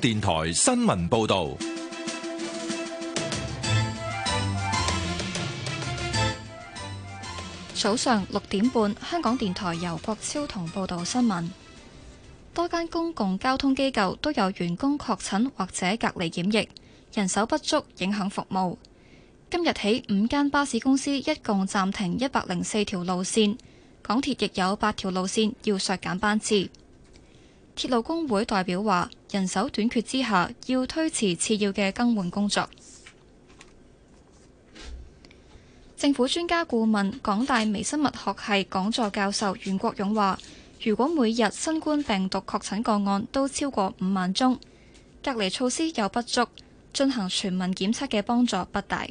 電台新聞報道：早上六點半，香港電台由郭超同報道新聞。多間公共交通機構都有員工確診或者隔離檢疫，人手不足影響服務。今日起，五間巴士公司一共暫停一百零四條路綫，港鐵亦有八條路綫要削減班次。鐵路工會代表話。人手短缺之下，要推遲次要嘅更換工作。政府專家顧問、港大微生物學系講座教授袁國勇話，如果每日新冠病毒確診個案都超過五萬宗，隔離措施又不足，進行全民檢測嘅幫助不大。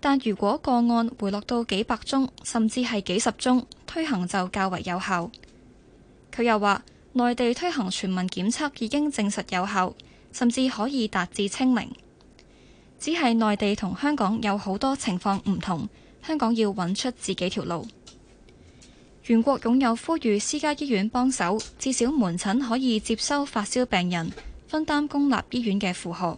但如果個案回落到幾百宗，甚至係幾十宗，推行就較為有效。佢又話。內地推行全民檢測已經證實有效，甚至可以達至清零。只係內地同香港有好多情況唔同，香港要揾出自己條路。袁國勇又呼籲私家醫院幫手，至少門診可以接收發燒病人，分擔公立醫院嘅負荷。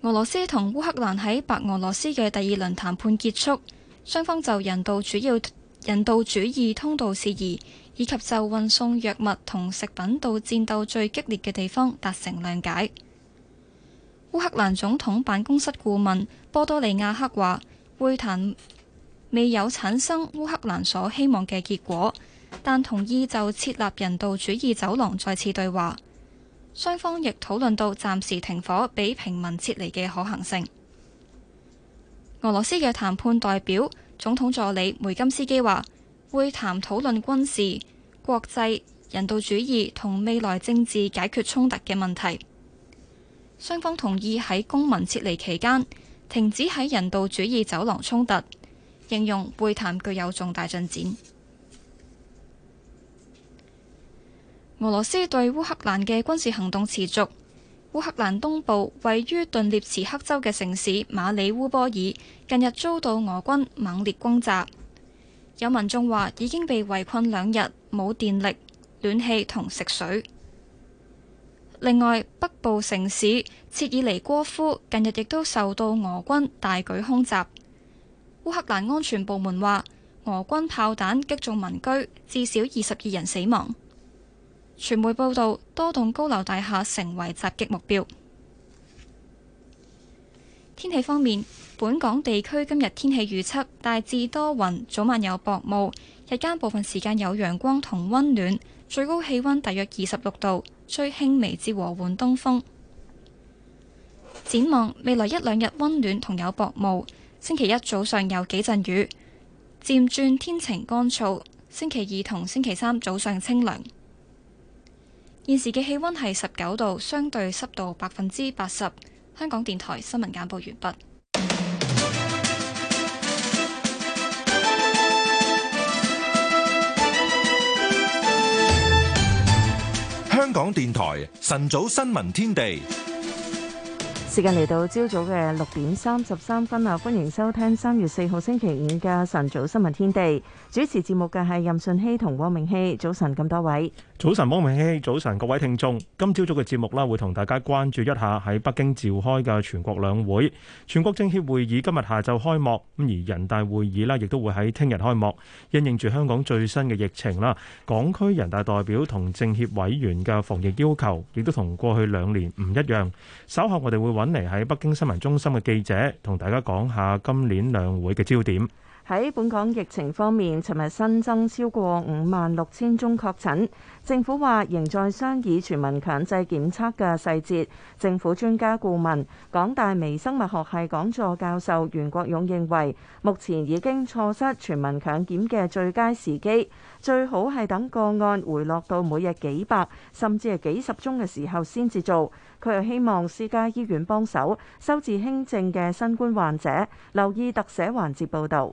俄羅斯同烏克蘭喺白俄羅斯嘅第二輪談判結束，雙方就人道主要人道主義通道事宜，以及就運送藥物同食品到戰鬥最激烈嘅地方達成諒解。烏克蘭總統辦公室顧問波多利亞克話：會談未有產生烏克蘭所希望嘅結果，但同意就設立人道主義走廊再次對話。雙方亦討論到暫時停火畀平民撤離嘅可行性。俄羅斯嘅談判代表。總統助理梅金斯基話，會談討論軍事、國際、人道主義同未來政治解決衝突嘅問題。雙方同意喺公民撤離期間停止喺人道主義走廊衝突，形容會談具有重大進展。俄羅斯對烏克蘭嘅軍事行動持續。烏克蘭東部位於頓涅茨克州嘅城市馬里烏波爾近日遭到俄軍猛烈攻襲，有民眾話已經被圍困兩日，冇電力、暖氣同食水。另外，北部城市切爾尼戈夫近日亦都受到俄軍大舉空襲。烏克蘭安全部門話俄軍炮彈擊中民居，至少二十二人死亡。傳媒報道，多棟高樓大廈成為襲擊目標。天氣方面，本港地區今日天氣預測大致多雲，早晚有薄霧，日間部分時間有陽光同溫暖，最高氣溫大約二十六度，吹輕微至和緩東風。展望未來一兩日溫暖同有薄霧，星期一早上有幾陣雨，漸轉天晴乾燥。星期二同星期三早上清涼。現時嘅氣溫係十九度，相對濕度百分之八十。香港電台新聞簡報完畢。香港電台晨早新聞天地，時間嚟到，朝早嘅六點三十三分啊！歡迎收聽三月四號星期五嘅晨早新聞天地。主持節目嘅係任順熙同汪明熙，早晨咁多位。早晨，汪明熙。早晨，各位聽眾，今朝早嘅節目啦，會同大家關注一下喺北京召開嘅全國兩會。全國政協會議今日下晝開幕，咁而人大會議呢，亦都會喺聽日開幕。因應住香港最新嘅疫情啦，港區人大代表同政協委員嘅防疫要求，亦都同過去兩年唔一樣。稍後我哋會揾嚟喺北京新聞中心嘅記者，同大家講下今年兩會嘅焦點。喺本港疫情方面，尋日新增超過五萬六千宗確診。政府話仍在商議全民強制檢測嘅細節。政府專家顧問、港大微生物學系講座教授袁國勇認為，目前已經錯失全民強檢嘅最佳時機，最好係等個案回落到每日幾百甚至係幾十宗嘅時候先至做。佢又希望私家醫院幫手收治輕症嘅新冠患者。留意特寫環節報導。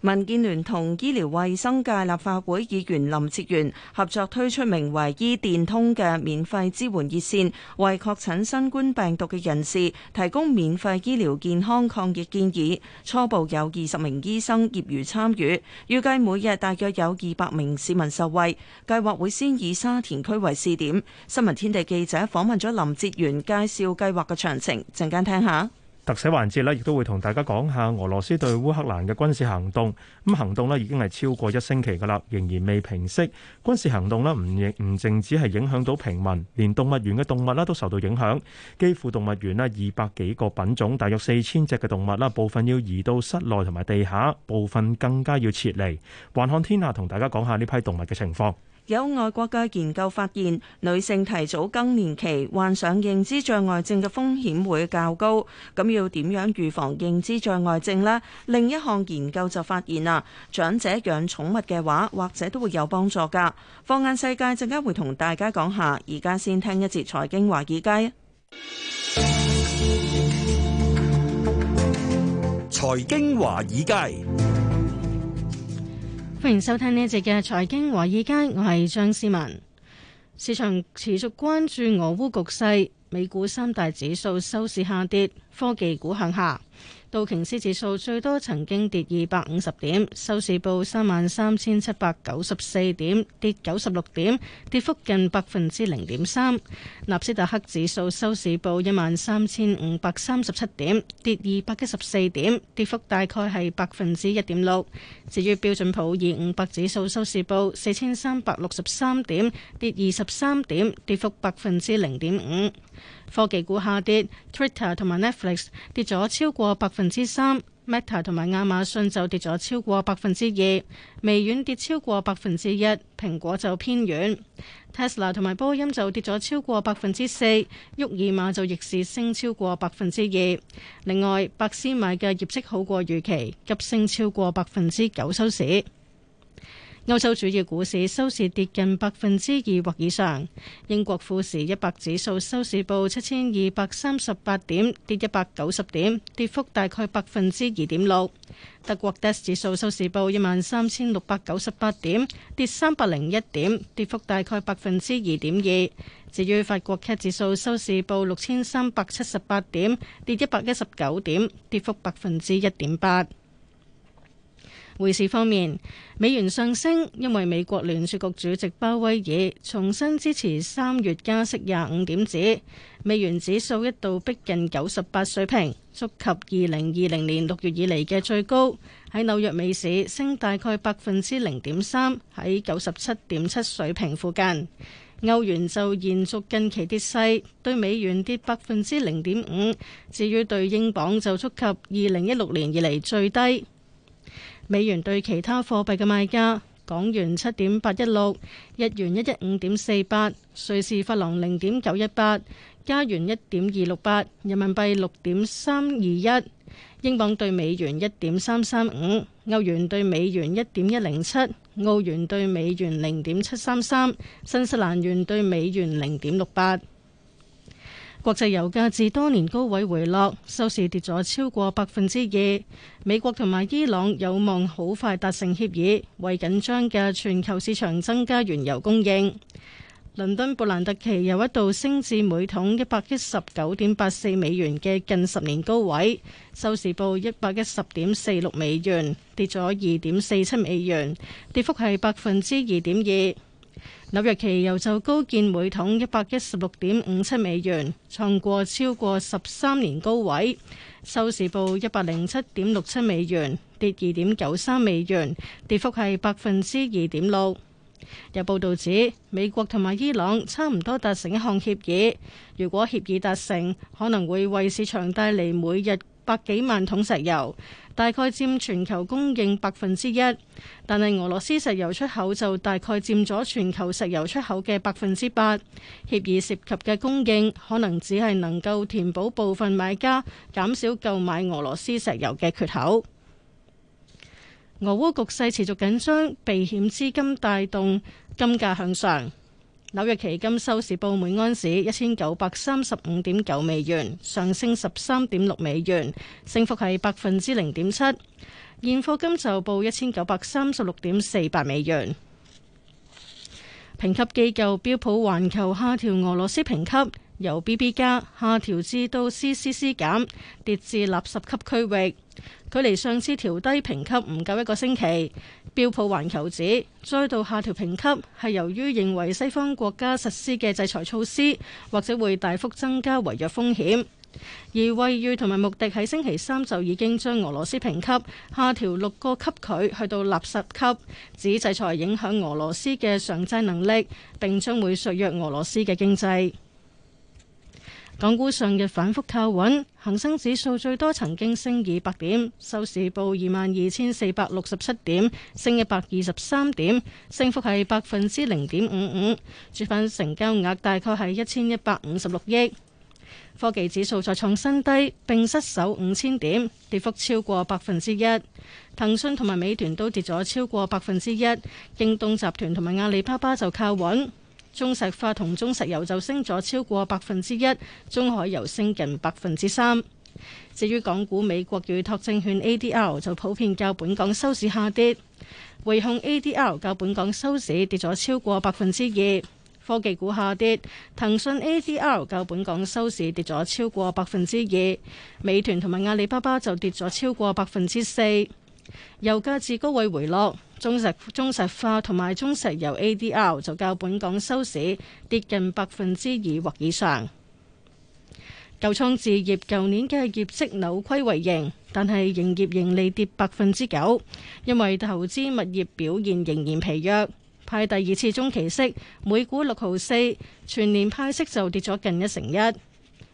民建聯同醫療衛生界立法會議員林哲元合作推出名為“醫電通”嘅免費支援熱線，為確診新冠病毒嘅人士提供免費醫療健康抗疫建議。初步有二十名醫生業餘參與，預計每日大約有二百名市民受惠。計劃會先以沙田區為試點。新聞天地記者訪問咗林哲元介紹計劃嘅詳情，陣間聽下。特寫環節呢，亦都會同大家講下俄羅斯對烏克蘭嘅軍事行動。咁行動呢已經係超過一星期㗎喇，仍然未平息。軍事行動呢唔亦唔淨只係影響到平民，連動物園嘅動物呢都受到影響。基輔動物園呢二百幾個品種，大約四千隻嘅動物啦，部分要移到室內同埋地下，部分更加要撤離。環看天下同大家講下呢批動物嘅情況。有外國嘅研究發現，女性提早更年期患上認知障礙症嘅風險會較高。咁要點樣預防認知障礙症呢？另一項研究就發現啦，長者養寵物嘅話，或者都會有幫助㗎。放眼世界，陣間會同大家講下。而家先聽一節財經華爾街。財經華爾街。歡迎收聽呢一節嘅財經華爾街，我係張思文。市場持續關注俄烏局勢，美股三大指數收市下跌，科技股向下。道瓊斯指數最多曾經跌二百五十點，收市報三萬三千七百九十四點，跌九十六點，跌幅近百分之零點三。納斯達克指數收市報一萬三千五百三十七點，跌二百一十四點，跌幅大概係百分之一點六。至於標準普爾五百指數收市報四千三百六十三點，跌二十三點，跌幅百分之零點五。科技股下跌，Twitter 同埋 Netflix 跌咗超過百分之三，Meta 同埋亞馬遜就跌咗超過百分之二，微軟跌超過百分之一，蘋果就偏軟，Tesla 同埋波音就跌咗超過百分之四，沃爾瑪就逆市升超過百分之二。另外，百思買嘅業績好過預期，急升超過百分之九收市。歐洲主要股市收市跌近百分之二或以上。英國富時一百指數收市報七千二百三十八點，跌一百九十點，跌幅大概百分之二點六。德國 DAX 指數收市報一萬三千六百九十八點，跌三百零一點，跌幅大概百分之二點二。至於法國 CAC 指數收市報六千三百七十八點，跌一百一十九點，跌幅百分之一點八。匯市方面，美元上升，因為美國聯儲局主席鮑威爾重新支持三月加息廿五點子。美元指數一度逼近九十八水平，觸及二零二零年六月以嚟嘅最高。喺紐約美市升大概百分之零點三，喺九十七點七水平附近。歐元就延續近期跌勢，對美元跌百分之零點五，至於對英鎊就觸及二零一六年以嚟最低。美元兌其他貨幣嘅賣價：港元七點八一六，日元一一五點四八，瑞士法郎零點九一八，加元一點二六八，人民幣六點三二一，英鎊對美元一點三三五，歐元對美元一點一零七，澳元對美元零點七三三，新西蘭元對美元零點六八。國際油價至多年高位回落，收市跌咗超過百分之二。美國同埋伊朗有望好快達成協議，為緊張嘅全球市場增加原油供應。倫敦布蘭特期油一度升至每桶一百一十九點八四美元嘅近十年高位，收市報一百一十點四六美元，跌咗二點四七美元，跌幅係百分之二點二。紐約期油就高見每桶一百一十六點五七美元，創過超過十三年高位，收市報一百零七點六七美元，跌二點九三美元，跌幅係百分之二點六。有報道指，美國同埋伊朗差唔多達成一項協議，如果協議達成，可能會為市場帶嚟每日。百幾萬桶石油，大概佔全球供應百分之一，但係俄羅斯石油出口就大概佔咗全球石油出口嘅百分之八。協議涉及嘅供應可能只係能夠填補部分買家減少購買俄羅斯石油嘅缺口。俄烏局勢持續緊張，避險資金帶動金價向上。紐約期金收市報每安士一千九百三十五點九美元，上升十三點六美元，升幅係百分之零點七。現貨金就報一千九百三十六點四八美元。評級機構標普環球下調俄羅斯評級，由 BB 加下調至到 CCC 減，跌至垃圾級區域，距離上次調低評級唔夠一個星期。標普環球指再度下調評級，係由於認為西方國家實施嘅制裁措施或者會大幅增加違約風險。而惠譽同埋穆迪喺星期三就已經將俄羅斯評級下調六個級佢，去到垃圾級，指制裁影響俄羅斯嘅償債能力，並將會削弱俄羅斯嘅經濟。港股上日反覆靠穩，恒生指數最多曾經升二百點，收市報二萬二千四百六十七點，升一百二十三點，升幅係百分之零點五五。主板成交額大概係一千一百五十六億。科技指數再創新低，並失守五千點，跌幅超過百分之一。騰訊同埋美團都跌咗超過百分之一，京東集團同埋阿里巴巴就靠穩。中石化同中石油就升咗超過百分之一，中海油升近百分之三。至於港股，美國預託證券 ADR 就普遍較本港收市下跌，匯控 ADR 較本港收市跌咗超過百分之二。科技股下跌，騰訊 ADR 較本港收市跌咗超過百分之二，美團同埋阿里巴巴就跌咗超過百分之四。油價至高位回落。中石中石化同埋中石油 ADR 就較本港收市跌近百分之二或以上。九倉置業舊年嘅業績扭虧為盈，但係營業盈利跌百分之九，因為投資物業表現仍然疲弱。派第二次中期息每股六毫四，全年派息就跌咗近一成一。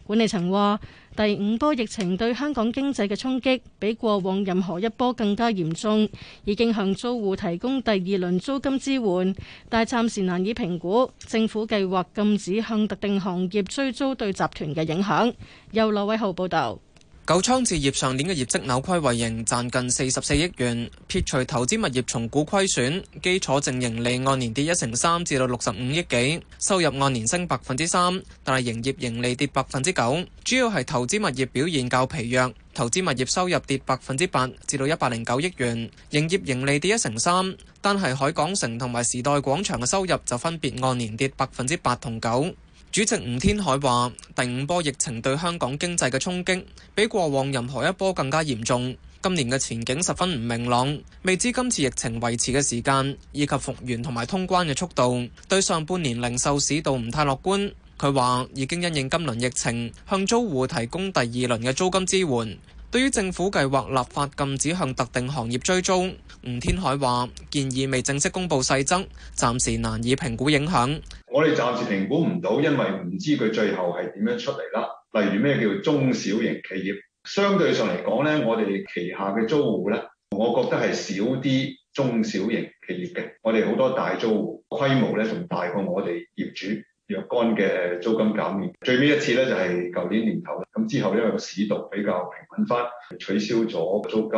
管理層話。第五波疫情對香港經濟嘅衝擊比過往任何一波更加嚴重，已經向租戶提供第二輪租金支援，但暫時難以評估政府計劃禁止向特定行業追租對集團嘅影響。由劉偉豪報導。九倉置業上年嘅業績扭虧為盈，賺近四十四億元，撇除投資物業重估虧損，基礎淨盈利按年跌一成三，至到六十五億幾，收入按年升百分之三，但係營業盈利跌百分之九，主要係投資物業表現較疲弱，投資物業收入跌百分之八，至到一百零九億元，營業盈利跌一成三，單係海港城同埋時代廣場嘅收入就分別按年跌百分之八同九。主席吳天海話：第五波疫情對香港經濟嘅衝擊比過往任何一波更加嚴重，今年嘅前景十分唔明朗，未知今次疫情維持嘅時間以及復原同埋通關嘅速度，對上半年零售市道唔太樂觀。佢話已經因應今輪疫情，向租戶提供第二輪嘅租金支援。對於政府計劃立法禁止向特定行業追租，吳天海話：建議未正式公布細則，暫時難以評估影響。我哋暫時評估唔到，因為唔知佢最後係點樣出嚟啦。例如咩叫中小型企業？相對上嚟講咧，我哋旗下嘅租戶咧，我覺得係少啲中小型企業嘅。我哋好多大租戶規模咧，仲大過我哋業主若干嘅租金減免。最尾一次咧就係舊年年頭，咁之後因為個市道比較平穩翻，取消咗租金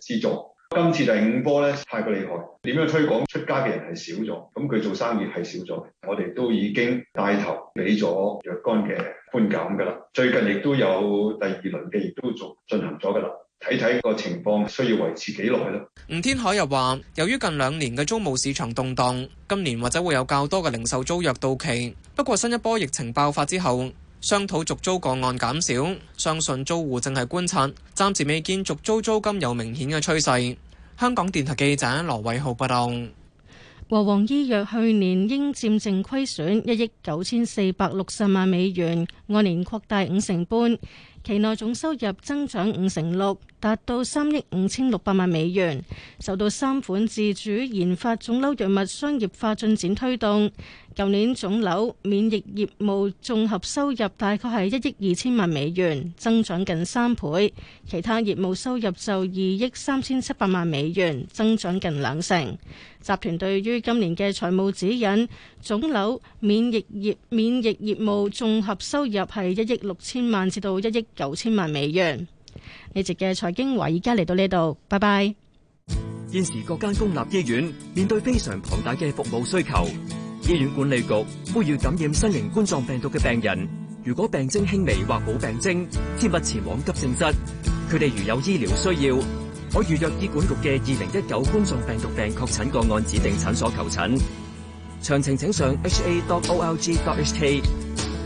資助。今次第五波咧太過厲害，點樣推廣出街嘅人係少咗，咁佢做生意係少咗。我哋都已經帶頭俾咗若干嘅寬減噶啦。最近亦都有第二輪嘅，亦都做進行咗噶啦。睇睇個情況需要維持幾耐咧？吳天海又話，由於近兩年嘅租務市場動蕩，今年或者會有較多嘅零售租約到期。不過新一波疫情爆發之後。商討續租個案減少，相信租戶淨係觀察，暫時未見續租租金有明顯嘅趨勢。香港電台記者羅偉浩報道。和黃醫藥去年應佔淨虧損一億九千四百六十萬美元，按年擴大五成半，期內總收入增長五成六。達到三億五千六百萬美元，受到三款自主研發腫瘤藥物商業化進展推動。舊年腫瘤免疫業務綜合收入大概係一億二千萬美元，增長近三倍；其他業務收入就二億三千七百萬美元，增長近兩成。集團對於今年嘅財務指引，腫瘤免疫業免疫業務綜合收入係一億六千萬至到一億九千萬美元。你植嘅財經話，而家嚟到呢度，拜拜。現時各間公立醫院面對非常龐大嘅服務需求，醫院管理局呼籲感染新型冠狀病毒嘅病人，如果病徵輕微或冇病徵，切勿前往急症室。佢哋如有醫療需要，可預約醫管局嘅二零一九冠狀病毒病確診個案指定診所求診。詳情請上 ha.org.hk。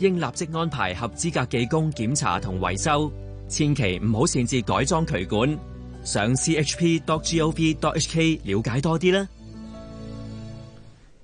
應立即安排合資格技工檢查同維修，千祈唔好擅自改裝渠管。上 c h p dot g o v dot h k 了解多啲啦。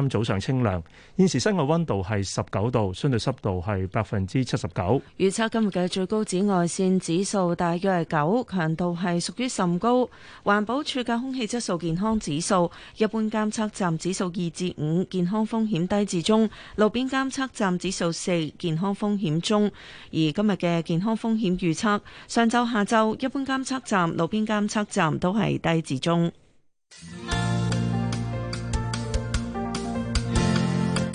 今早上清涼，現時室外溫度係十九度，相對濕度係百分之七十九。預測今日嘅最高紫外線指數大約係九，強度係屬於甚高。環保署嘅空氣質素健康指數，一般監測站指數二至五，健康風險低至中；路邊監測站指數四，健康風險中。而今日嘅健康風險預測，上晝、下晝一般監測站、路邊監測站都係低至中。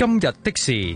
今日的事，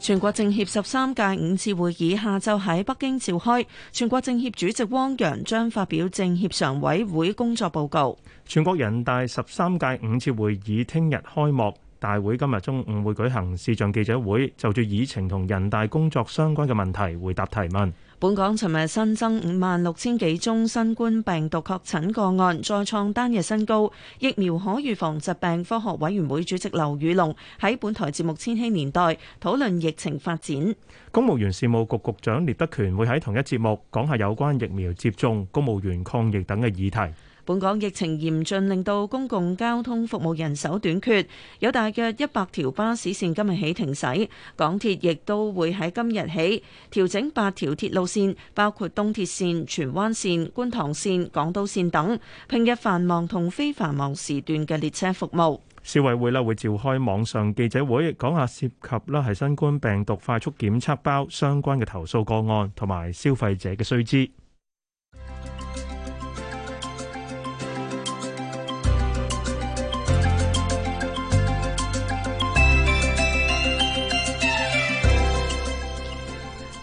全國政協十三屆五次會議下晝喺北京召開，全國政協主席汪洋將發表政協常委會工作報告。全國人大十三屆五次會議聽日開幕，大會今日中午會舉行視像記者會，就住議程同人大工作相關嘅問題回答提問。本港尋日新增五萬六千幾宗新冠病毒確診個案，再創單日新高。疫苗可預防疾病科學委員會主席劉宇龍喺本台節目《千禧年代》討論疫情發展。公務員事務局局局長聶德權會喺同一節目講下有關疫苗接種、公務員抗疫等嘅議題。本港疫情嚴峻，令到公共交通服務人手短缺，有大約一百條巴士線今日起停駛。港鐵亦都會喺今日起調整八條鐵路線，包括東鐵線、荃灣線、觀塘線、港島線等平日繁忙同非繁忙時段嘅列車服務。消委會呢會召開網上記者會，講下涉及啦係新冠病毒快速檢測包相關嘅投訴個案同埋消費者嘅須知。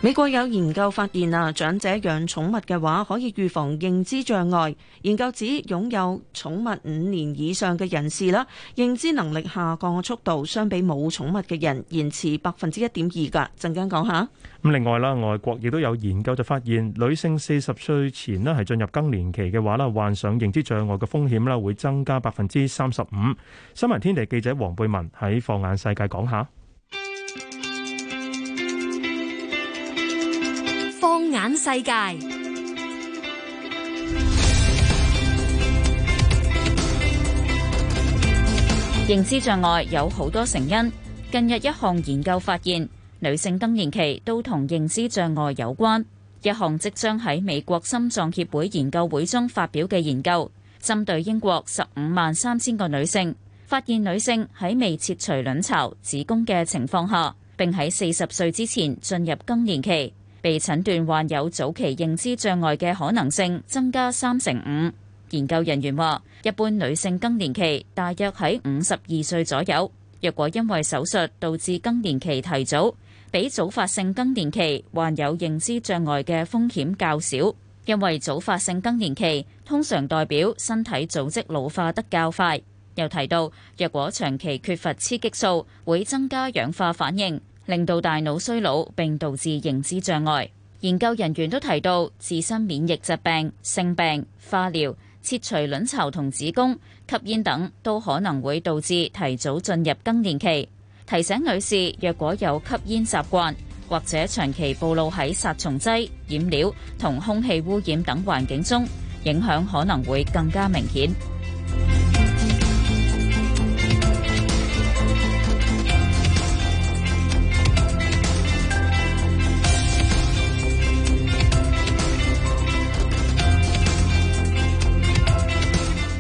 美國有研究發現啊，長者養寵物嘅話，可以預防認知障礙。研究指擁有寵物五年以上嘅人士啦，認知能力下降嘅速度相比冇寵物嘅人延遲百分之一點二噶，陣間講下。咁另外啦，外國亦都有研究就發現，女性四十歲前咧係進入更年期嘅話咧，患上認知障礙嘅風險啦會增加百分之三十五。新聞天地記者黃貝文喺放眼世界講下。眼，世界認知障礙有好多成因。近日一項研究發現，女性更年期都同認知障礙有關。一項即將喺美國心臟協會研究會中發表嘅研究，針對英國十五萬三千個女性，發現女性喺未切除卵巢、子宮嘅情況下，並喺四十歲之前進入更年期。被診斷患有早期認知障礙嘅可能性增加三成五。研究人員話，一般女性更年期大約喺五十二歲左右。若果因為手術導致更年期提早，比早發性更年期患有認知障礙嘅風險較少，因為早發性更年期通常代表身體組織老化得較快。又提到，若果長期缺乏雌激素，會增加氧化反應。令到大腦衰老，並導致認知障礙。研究人員都提到，自身免疫疾病、性病、化療、切除卵巢同子宮、吸煙等，都可能會導致提早進入更年期。提醒女士，若果有吸煙習慣，或者長期暴露喺殺蟲劑、染料同空氣污染等環境中，影響可能會更加明顯。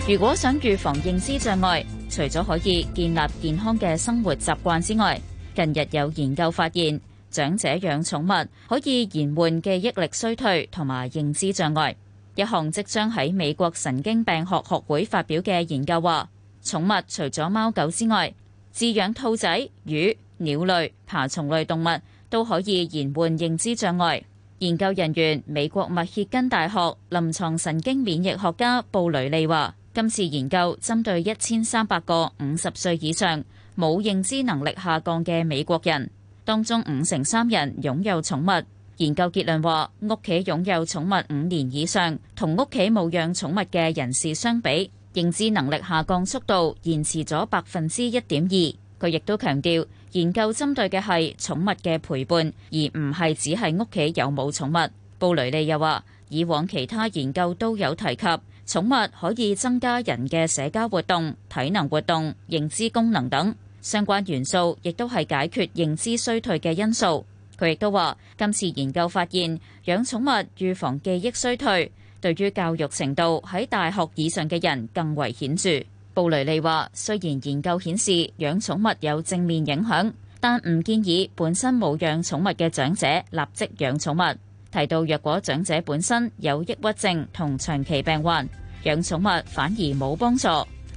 如果想預防認知障礙，除咗可以建立健康嘅生活習慣之外，近日有研究發現，長者養寵物可以延緩記憶力衰退同埋認知障礙。一項即將喺美國神經病學學會發表嘅研究話，寵物除咗貓狗之外，飼養兔仔、魚、鳥類、爬蟲類動物都可以延緩認知障礙。研究人員美國密歇根大學臨床神經免疫學家布雷利話。今次研究針對一千三百個五十歲以上冇認知能力下降嘅美國人，當中五成三人擁有寵物。研究結論話，屋企擁有寵物五年以上，同屋企冇養寵物嘅人士相比，認知能力下降速度延遲咗百分之一點二。佢亦都強調，研究針對嘅係寵物嘅陪伴，而唔係只係屋企有冇寵物。布雷利又話，以往其他研究都有提及。寵物可以增加人嘅社交活動、體能活動、認知功能等相關元素，亦都係解決認知衰退嘅因素。佢亦都話，今次研究發現，養寵物預防記憶衰退，對於教育程度喺大學以上嘅人更為顯著。布雷利話，雖然研究顯示養寵物有正面影響，但唔建議本身冇養寵物嘅長者立即養寵物。提到，若果長者本身有抑鬱症同長期病患，養寵物反而冇幫助，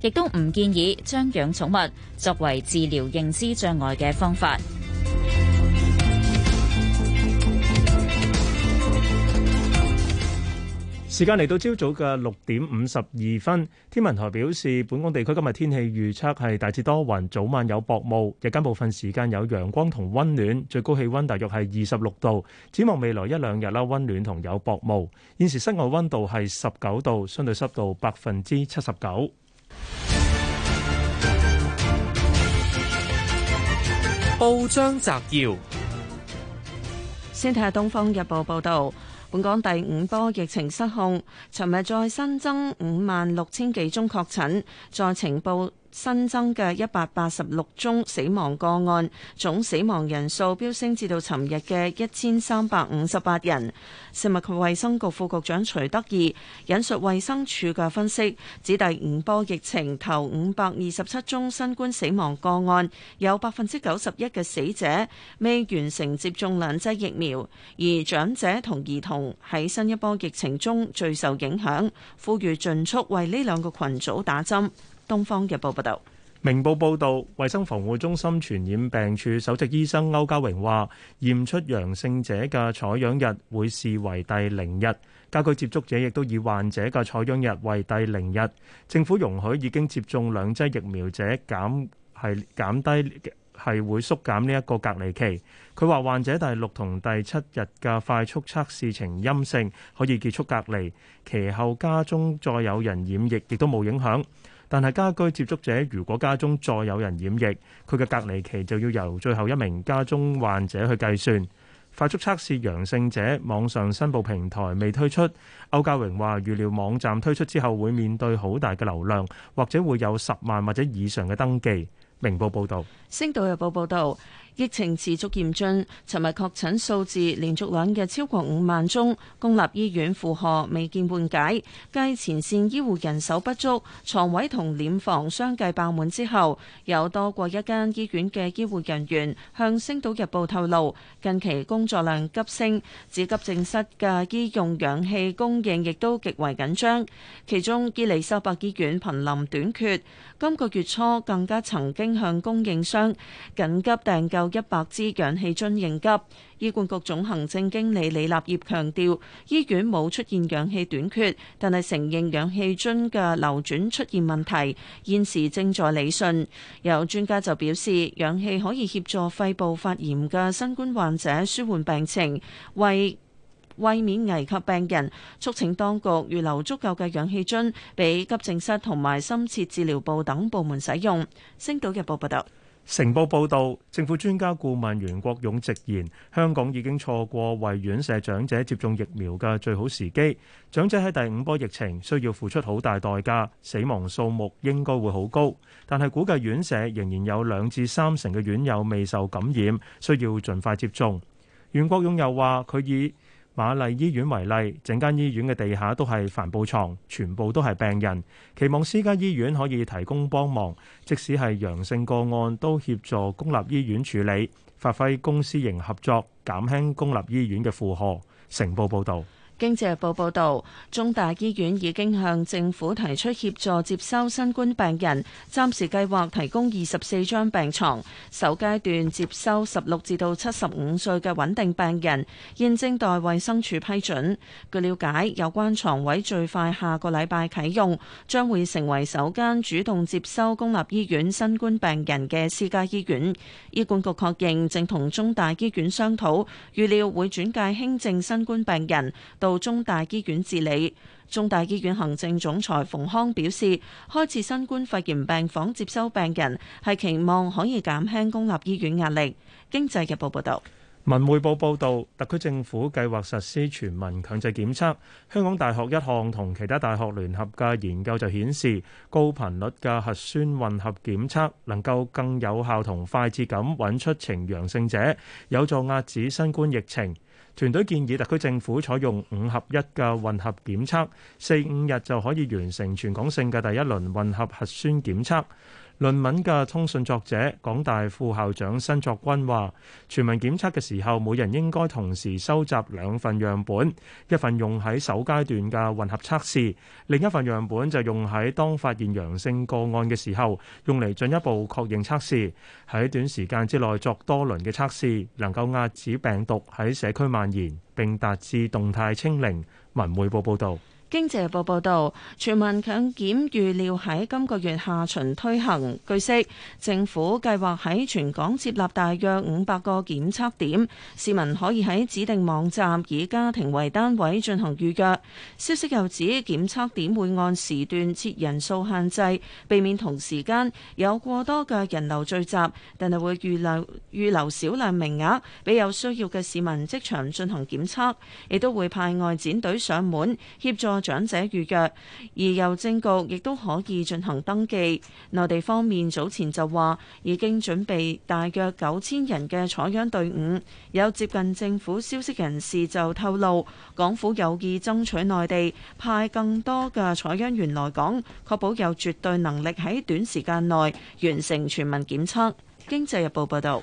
亦都唔建議將養寵物作為治療認知障礙嘅方法。時間嚟到朝早嘅六點五十二分，天文台表示本港地區今日天氣預測係大致多雲，早晚有薄霧，日間部分時間有陽光同溫暖，最高氣溫大約係二十六度。展望未來一兩日啦，溫暖同有薄霧。現時室外溫度係十九度，相對濕度百分之七十九。報章摘要，先睇下《東方日報》報道。本港第五波疫情失控，尋日再新增五萬六千幾宗確診，再情報，新增嘅一百八十六宗死亡個案，總死亡人數飆升至到尋日嘅一千三百五十八人。食物及衞生局副局長徐德義引述衛生署嘅分析，指第五波疫情頭五百二十七宗新冠死亡個案，有百分之九十一嘅死者未完成接種兩劑疫苗，而長者同兒童喺新一波疫情中最受影響，呼籲盡速為呢兩個群組打針。東方日報報道，明報報道，衛生防護中心傳染病處首席醫生歐家榮話：驗出陽性者嘅採樣日會視為第零日，家居接觸者亦都以患者嘅採樣日為第零日。政府容許已經接種兩劑疫苗者減係減低係會縮減呢一個隔離期。佢話患者第六同第七日嘅快速測試呈陰性，可以結束隔離。其後家中再有人染疫，亦都冇影響。但係家居接觸者，如果家中再有人染疫，佢嘅隔離期就要由最後一名家中患者去計算。快速測試陽性者網上申報平台未推出，歐家榮話預料網站推出之後會面對好大嘅流量，或者會有十萬或者以上嘅登記。明報報道。《星島日報》報道。疫情持續嚴峻，尋日確診數字連續兩日超過五萬宗，公立醫院負荷未見緩解。繼前線醫護人手不足、床位同殮房相繼爆滿之後，有多過一間醫院嘅醫護人員向《星島日報》透露，近期工作量急升，指急症室嘅醫用氧氣供應亦都極為緊張。其中，伊利沙伯醫院瀕臨短缺，今個月初更加曾經向供應商緊急訂購。有一百支氧氣樽應急，醫管局總行政經理李立業強調，醫院冇出現氧氣短缺，但係承認氧氣樽嘅流轉出現問題，現時正在理順。有專家就表示，氧氣可以協助肺部發炎嘅新冠患者舒緩病情，為為免危及病人，促請當局預留足夠嘅氧氣樽俾急症室同埋深切治療部等部門使用。星島日報報道。成報報導，政府專家顧問袁國勇直言，香港已經錯過為院舍長者接種疫苗嘅最好時機。長者喺第五波疫情需要付出好大代價，死亡數目應該會好高。但係估計院舍仍然有兩至三成嘅院友未受感染，需要盡快接種。袁國勇又話，佢以瑪麗醫院為例，整間醫院嘅地下都係帆布床，全部都係病人。期望私家醫院可以提供幫忙，即使係陽性個案都協助公立醫院處理，發揮公私營合作，減輕公立醫院嘅負荷。成報報道。經濟日報報道，中大醫院已經向政府提出協助接收新冠病人，暫時計劃提供二十四張病床，首階段接收十六至到七十五歲嘅穩定病人，現正待衛生署批准。據了解，有關床位最快下個禮拜啟用，將會成為首間主動接收公立醫院新冠病人嘅私家醫院。醫管局確認正同中大醫院商討，預料會轉介輕症新冠病人到。到中大醫院治理。中大醫院行政總裁馮康表示，開設新冠肺炎病房接收病人，係期望可以減輕公立醫院壓力。經濟日報報道，文匯報報道，特區政府計劃實施全民強制檢測。香港大學一項同其他大學聯合嘅研究就顯示，高頻率嘅核酸混合檢測能夠更有效同快捷咁揾出呈陽性者，有助壓止新冠疫情。團隊建議特區政府採用五合一嘅混合檢測，四、五日就可以完成全港性嘅第一輪混合核酸檢測。論文嘅通訊作者、港大副校長申作軍話：全民檢測嘅時候，每人應該同時收集兩份樣本，一份用喺首階段嘅混合測試，另一份樣本就用喺當發現陽性個案嘅時候，用嚟進一步確認測試。喺短時間之內作多輪嘅測試，能夠壓止病毒喺社區蔓延，並達至動態清零。文匯報報導。《經濟報》報道，全民強檢預料喺今個月下旬推行。據悉，政府計劃喺全港接納大約五百個檢測點，市民可以喺指定網站以家庭為單位進行預約，消息又指，檢測點會按時段設人數限制，避免同時間有過多嘅人流聚集，但係會預留預留少量名額，俾有需要嘅市民即場進行檢測，亦都會派外展隊上門協助。長者預約，而郵政局亦都可以進行登記。內地方面早前就話已經準備大約九千人嘅採樣隊伍，有接近政府消息人士就透露，港府有意爭取內地，派更多嘅採樣員來港，確保有絕對能力喺短時間內完成全民檢測。經濟日報報道。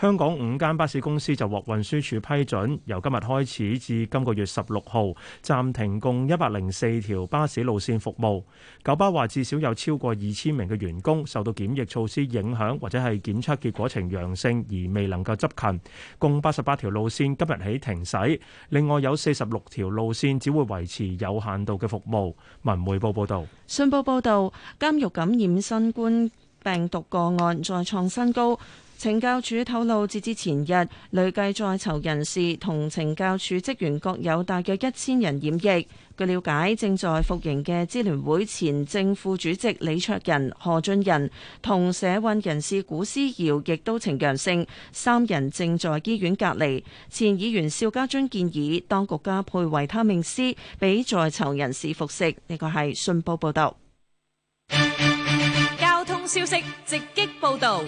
香港五間巴士公司就獲運輸署批准，由今日開始至今個月十六號暫停共一百零四條巴士路線服務。九巴話，至少有超過二千名嘅員工受到檢疫措施影響，或者係檢測結果呈陽性而未能夠執勤，共八十八條路線今日起停駛。另外有四十六條路線只會維持有限度嘅服務。文匯報報道，信報報道，監獄感染新冠病毒個案再創新高。懲教署透露，截至前日，累計在囚人士同懲教署職員各有大約一千人染疫。據了解，正在服刑嘅支聯會前正副主席李卓人、何俊仁同社運人士古思堯，亦都呈陽性，三人正在醫院隔離。前議員邵家臻建議，當局加配維他命 C 俾在囚人士服食。呢個係信報報導。交通消息直擊報導。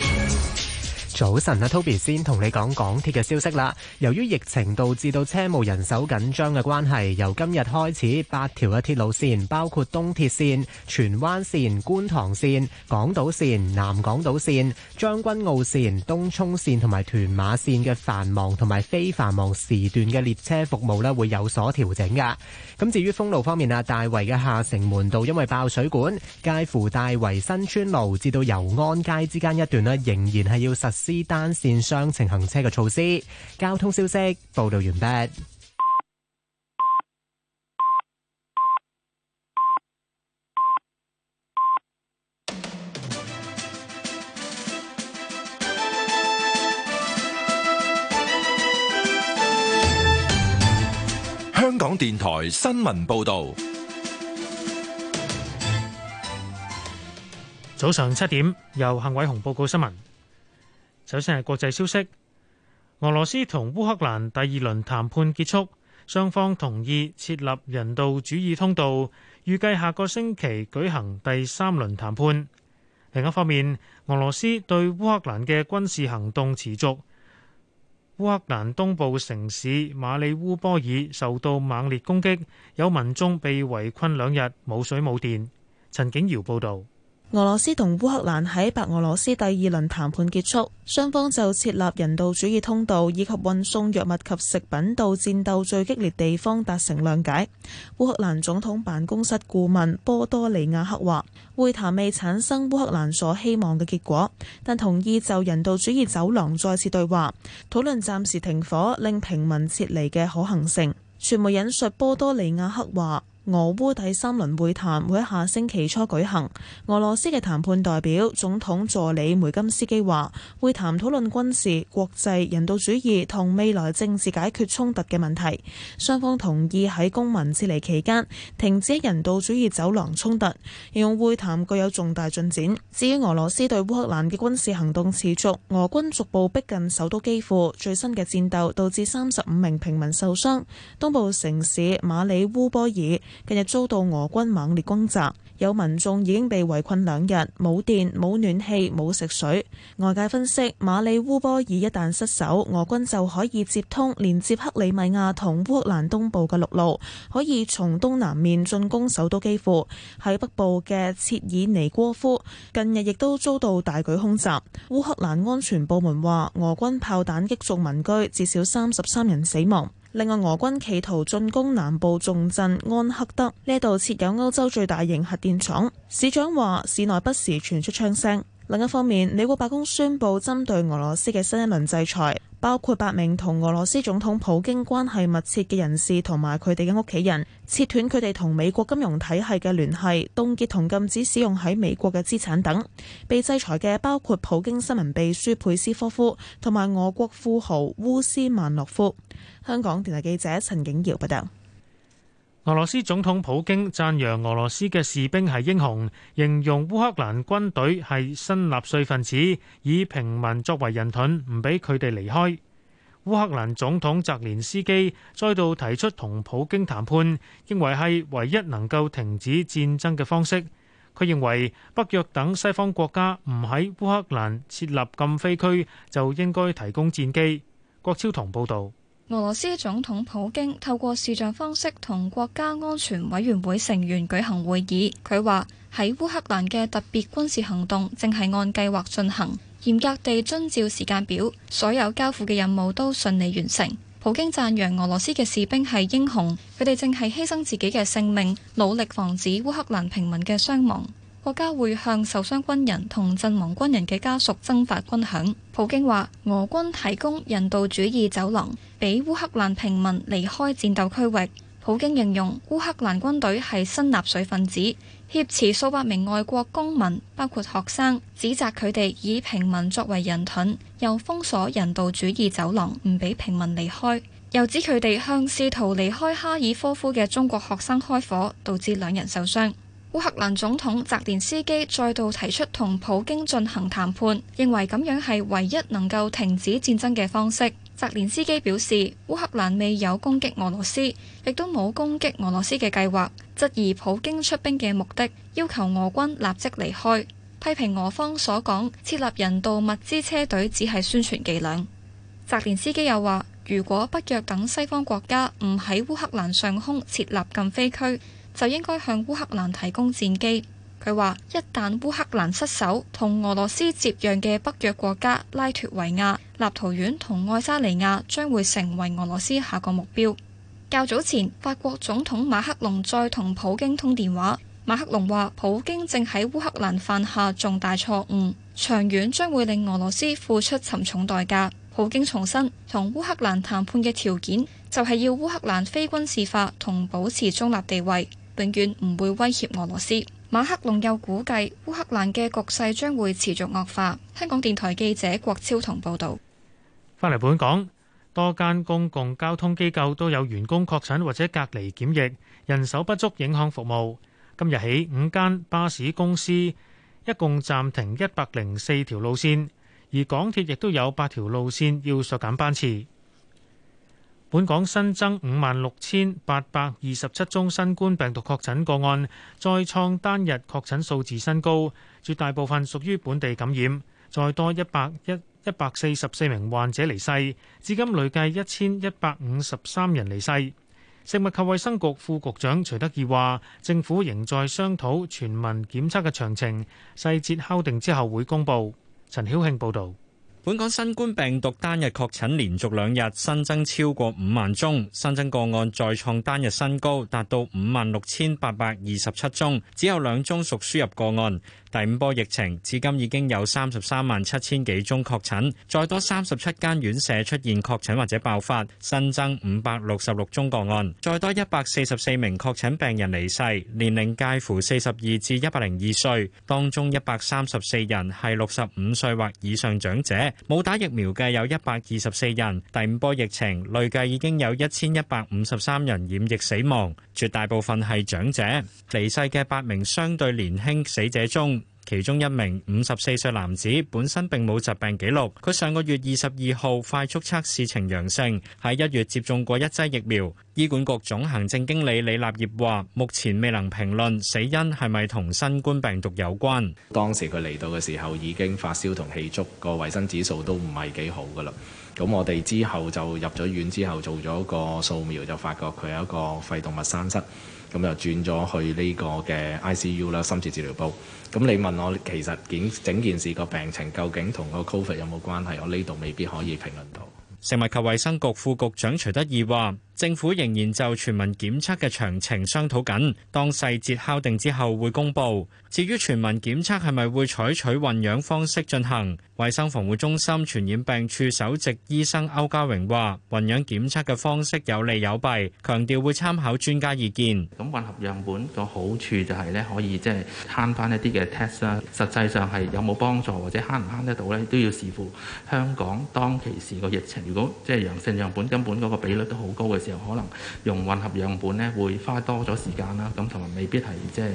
早晨啊，Toby 先同你講港鐵嘅消息啦。由於疫情導致到車務人手緊張嘅關係，由今日開始，八條嘅鐵路綫，包括東鐵綫、荃灣綫、觀塘綫、港島綫、南港島綫、將軍澳綫、東涌綫同埋屯馬綫嘅繁忙同埋非繁忙時段嘅列車服務咧，會有所調整噶。咁至於封路方面啊，大圍嘅下城門道因為爆水管，介乎大圍新村路至到油安街之間一段咧，仍然係要實施。施單線雙程行車嘅措施。交通消息報道完畢。香港電台新聞報道。早上七點，由幸偉雄報告新聞。首先係國際消息，俄羅斯同烏克蘭第二輪談判結束，雙方同意設立人道主義通道，預計下個星期舉行第三輪談判。另一方面，俄羅斯對烏克蘭嘅軍事行動持續，烏克蘭東部城市馬里烏波爾受到猛烈攻擊，有民眾被圍困兩日，冇水冇電。陳景堯報導。俄羅斯同烏克蘭喺白俄羅斯第二輪談判結束，雙方就設立人道主義通道以及運送藥物及食品到戰鬥最激烈地方達成諒解。烏克蘭總統辦公室顧問波多利亞克話：會談未產生烏克蘭所希望嘅結果，但同意就人道主義走廊再次對話，討論暫時停火令平民撤離嘅可行性。傳媒引述波多利亞克話。俄烏第三輪會談會喺下星期初舉行。俄羅斯嘅談判代表、總統助理梅金斯基話，會談討論軍事、國際、人道主義同未來政治解決衝突嘅問題。雙方同意喺公民撤離期間停止人道主義走廊衝突，形容會談具有重大進展。至於俄羅斯對烏克蘭嘅軍事行動持續，俄軍逐步逼近首都基輔，最新嘅戰鬥導致三十五名平民受傷。東部城市馬里烏波爾，近日遭到俄軍猛烈攻襲，有民眾已經被圍困兩日，冇電、冇暖氣、冇食水。外界分析，馬里烏波爾一旦失守，俄軍就可以接通連接克里米亞同烏克蘭東部嘅陸路，可以從東南面進攻首都基輔。喺北部嘅切爾尼戈夫，近日亦都遭到大舉空襲。烏克蘭安全部門話，俄軍炮彈擊中民居，至少三十三人死亡。另外，俄軍企圖進攻南部重鎮安克德，呢度設有歐洲最大型核電廠。市長話，市內不時傳出槍聲。另一方面，美國白宮宣布針對俄羅斯嘅新一輪制裁，包括八名同俄羅斯總統普京關係密切嘅人士同埋佢哋嘅屋企人，切斷佢哋同美國金融體系嘅聯繫，凍結同禁止使用喺美國嘅資產等。被制裁嘅包括普京新聞秘書佩斯科夫同埋俄國富豪烏斯曼諾夫。香港電台記者陳景瑤報道：俄羅斯總統普京讚揚俄羅斯嘅士兵係英雄，形容烏克蘭軍隊係新納粹分子，以平民作為人盾，唔俾佢哋離開。烏克蘭總統澤連斯基再度提出同普京談判，認為係唯一能夠停止戰爭嘅方式。佢認為北約等西方國家唔喺烏克蘭設立禁飛區，就應該提供戰機。郭超堂報道。俄羅斯總統普京透過視像方式同國家安全委員會成員舉行會議，佢話喺烏克蘭嘅特別軍事行動正係按計劃進行，嚴格地遵照時間表，所有交付嘅任務都順利完成。普京讚揚俄羅斯嘅士兵係英雄，佢哋正係犧牲自己嘅性命，努力防止烏克蘭平民嘅傷亡。國家會向受傷軍人同陣亡軍人嘅家屬增發軍餉。普京話：俄軍提供人道主義走廊，俾烏克蘭平民離開戰鬥區域。普京形容烏克蘭軍隊係新納粹分子，挾持數百名外國公民，包括學生，指責佢哋以平民作為人盾，又封鎖人道主義走廊，唔俾平民離開，又指佢哋向試圖離開哈爾科夫嘅中國學生開火，導致兩人受傷。烏克蘭總統澤連斯基再度提出同普京進行談判，認為咁樣係唯一能夠停止戰爭嘅方式。澤連斯基表示，烏克蘭未有攻擊俄羅斯，亦都冇攻擊俄羅斯嘅計劃，質疑普京出兵嘅目的，要求俄軍立即離開，批評俄方所講設立人道物資車隊只係宣傳伎倆。澤連斯基又話，如果北約等西方國家唔喺烏克蘭上空設立禁飛區，就應該向烏克蘭提供戰機。佢話：一旦烏克蘭失守，同俄羅斯接壤嘅北約國家拉脫維亞、立陶宛同愛沙尼亞將會成為俄羅斯下個目標。較早前，法國總統馬克龍再同普京通電話。馬克龍話：普京正喺烏克蘭犯下重大錯誤，長遠將會令俄羅斯付出沉重代價。普京重申，同烏克蘭談判嘅條件就係要烏克蘭非軍事化同保持中立地位。永遠唔會威脅俄羅斯。馬克龍又估計，烏克蘭嘅局勢將會持續惡化。香港電台記者郭超同報道。翻嚟本港，多間公共交通機構都有員工確診或者隔離檢疫，人手不足影響服務。今日起，五間巴士公司一共暫停一百零四條路線，而港鐵亦都有八條路線要縮減班次。本港新增五萬六千八百二十七宗新冠病毒確診個案，再創單日確診數字新高，絕大部分屬於本地感染。再多一百一一百四十四名患者離世，至今累計一千一百五十三人離世。食物及衛生局副局長徐德義話，政府仍在商討全民檢測嘅詳情，細節敲定之後會公布。陳曉慶報道。本港新冠病毒單日確診連續兩日新增超過五萬宗，新增個案再創單日新高，達到五萬六千八百二十七宗，只有兩宗屬輸入個案。第五波疫情至今已經有三十三萬七千幾宗確診，再多三十七間院舍出現確診或者爆發，新增五百六十六宗個案，再多一百四十四名確診病人離世，年齡介乎四十二至一百零二歲，當中一百三十四人係六十五歲或以上長者。冇打疫苗嘅，有一百二十四人。第五波疫情累計已經有一千一百五十三人染疫死亡，絕大部分係長者。離世嘅八名相對年輕死者中，其中一名五十四歲男子本身並冇疾病記錄，佢上個月二十二號快速測試呈陽性，喺一月接種過一劑疫苗。醫管局總行政經理李立業話，目前未能評論死因係咪同新冠病毒有關。當時佢嚟到嘅時候已經發燒同氣促，個衞生指數都唔係幾好噶啦。咁我哋之後就入咗院之後做咗個掃描，就發覺佢有一個肺動脈栓塞，咁就轉咗去呢個嘅 ICU 啦，深切治療部。咁你問我，其實件整件事個病情究竟同個 Covid 有冇關係？我呢度未必可以評論到。食物及衛生局副局長徐德義話。政府仍然就全民檢測嘅詳情商討緊，當細節敲定之後會公布。至於全民檢測係咪會採取混樣方式進行，衛生防護中心傳染病處首席醫生歐家榮話混樣檢測嘅方式有利有弊，強調會參考專家意見。咁混合樣本個好處就係咧，可以即係慳翻一啲嘅 test 啦。實際上係有冇幫助或者慳唔慳得到咧，都要視乎香港當其時個疫情。如果即係陽性樣本根本嗰個比率都好高嘅。時候可能用混合樣本呢，會花多咗時間啦。咁同埋未必係即係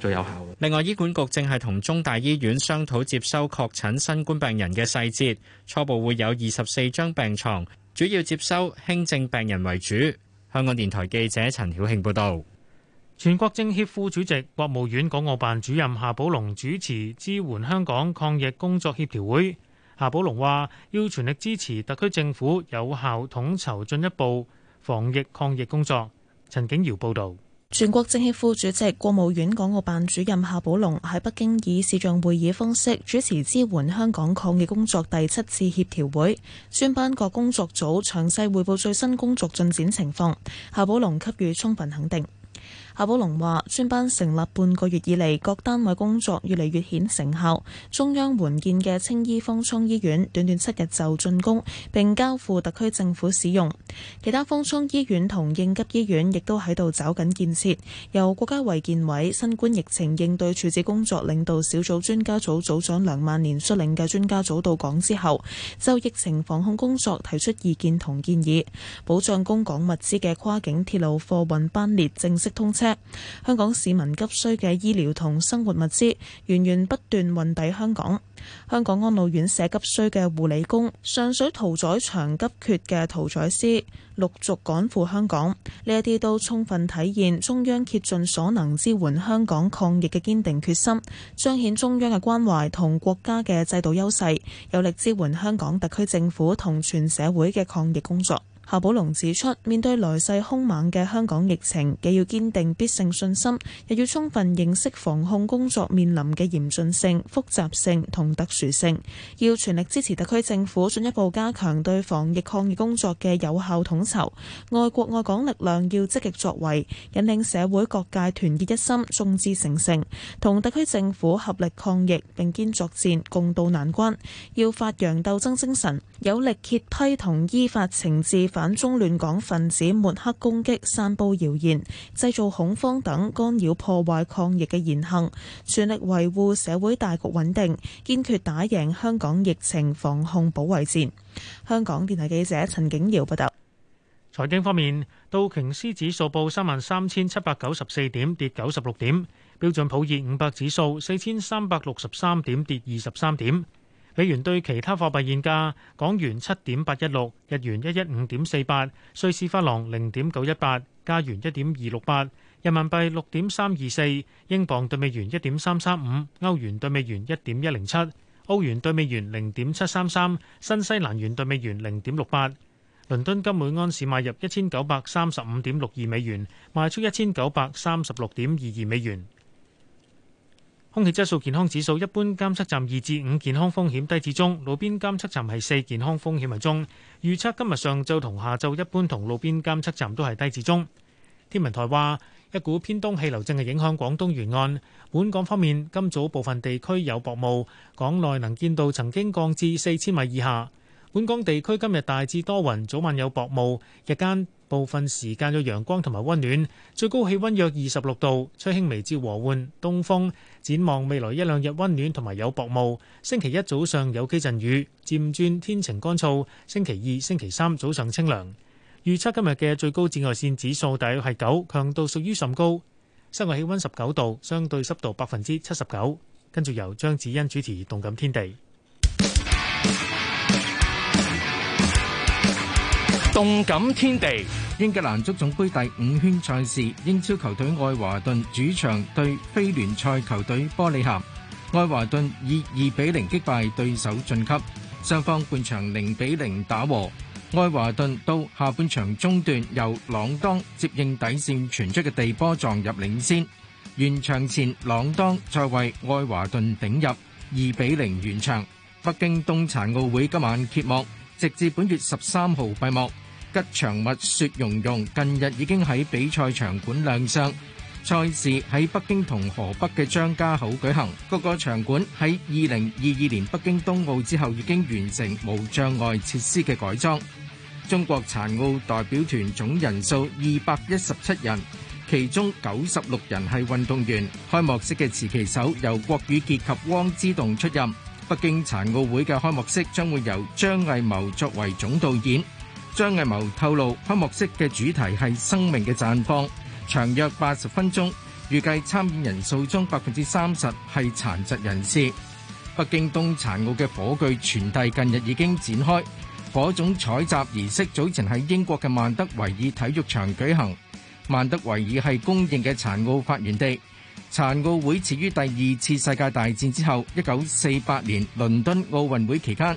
最有效。另外，醫管局正係同中大醫院商討接收確診新冠病人嘅細節，初步會有二十四張病床，主要接收輕症病人為主。香港電台記者陳曉慶報道。全國政協副主席、國務院港澳辦主任夏寶龍主持支援香港抗疫工作協調會，夏寶龍話要全力支持特區政府有效統籌進一步。防疫抗疫工作，陳景堯報道。全國政協副主席、國務院港澳辦主任夏寶龍喺北京以視像會議方式主持支援香港抗疫工作第七次協調會，專班各工作組詳細匯報最新工作進展情況。夏寶龍給予充分肯定。夏寶龍話：專班成立半個月以嚟，各單位工作越嚟越顯成效。中央援建嘅青衣方艙醫院，短短七日就竣工並交付特區政府使用。其他方艙醫院同應急醫院亦都喺度走緊建設。由國家衛健委新冠疫情應對處置工作領導小組專家組組組長梁萬年率領嘅專家組到港之後，就疫情防控工作提出意見同建議，保障供港物資嘅跨境鐵路貨運班列正式通車。香港市民急需嘅醫療同生活物資源源不斷運抵香港，香港安老院舍急需嘅護理工、上水屠宰場急缺嘅屠宰師陸續趕赴香港。呢一啲都充分體現中央竭盡所能支援香港抗疫嘅堅定決心，彰顯中央嘅關懷同國家嘅制度優勢，有力支援香港特區政府同全社會嘅抗疫工作。夏寶龍指出，面對來勢凶猛嘅香港疫情，既要堅定必勝信心，又要充分認識防控工作面臨嘅嚴峻性、複雜性同特殊性，要全力支持特區政府進一步加強對防疫抗疫工作嘅有效統籌；愛國愛港力量要積極作為，引領社會各界團結一,一心、眾志成城，同特區政府合力抗疫、並肩作戰、共渡難關。要發揚鬥爭精神，有力揭批同依法懲治。反中亂港分子抹黑攻擊、散佈謠言、製造恐慌等，干擾破壞抗疫嘅言行，全力維護社會大局穩定，堅決打贏香港疫情防控保衛戰。香港電台記者陳景瑤報道。財經方面，道瓊斯指數報三萬三千七百九十四點，跌九十六點；標準普爾五百指數四千三百六十三點，跌二十三點。美元兌其他貨幣現價：港元七點八一六，日元一一五點四八，瑞士法郎零點九一八，加元一點二六八，人民幣六點三二四，英鎊對美元一點三三五，歐元對美元一點一零七，澳元對美元零點七三三，新西蘭元對美元零點六八。倫敦金每安士買入一千九百三十五點六二美元，賣出一千九百三十六點二二美元。空氣質素健康指數一般監測站二至五，健康風險低至中；路邊監測站係四，健康風險為中。預測今日上晝同下晝一般同路邊監測站都係低至中。天文台話，一股偏東氣流正係影響廣東沿岸。本港方面，今早部分地區有薄霧，港內能見度曾經降至四千米以下。本港地區今日大致多雲，早晚有薄霧，日間部分時間有陽光同埋溫暖，最高氣温約二十六度，吹輕微至和緩東風。展望未來一兩日温暖同埋有薄霧，星期一早上有幾陣雨，漸轉天晴乾燥。星期二、星期三早上清涼。預測今日嘅最高紫外線指數大約係九，強度屬於甚高。室外氣溫十九度，相對濕度百分之七十九。跟住由張子欣主持《動感天地》。動感天地，英格蘭足總盃第五圈賽事，英超球隊愛華頓主場對非聯賽球隊波利咸，愛華頓以二比零擊敗對手晉級。雙方半場零比零打和，愛華頓到下半場中段由朗當接應底線傳出嘅地波撞入領先，完場前朗當再為愛華頓頂入二比零完場。北京冬殘奧會今晚揭幕，直至本月十三號閉幕。吉祥物雪融融近日已經喺比賽場館亮相。賽事喺北京同河北嘅張家口舉行。各個場館喺二零二二年北京冬奧之後已經完成無障礙設施嘅改裝。中國殘奧代表團總人數二百一十七人，其中九十六人係運動員。開幕式嘅持旗手由郭雨潔及汪之棟出任。北京殘奧會嘅開幕式將會由張藝謀作為總導演。張藝謀透露，開幕式嘅主題係生命嘅綻放，長約八十分鐘。預計參演人數中百分之三十係殘疾人士。北京冬殘奧嘅火炬傳遞近日已經展開，火種採集儀式早前喺英國嘅曼德維爾體育場舉行。曼德維爾係公認嘅殘奧發源地。殘奧會始於第二次世界大戰之後，一九四八年倫敦奧運會期間。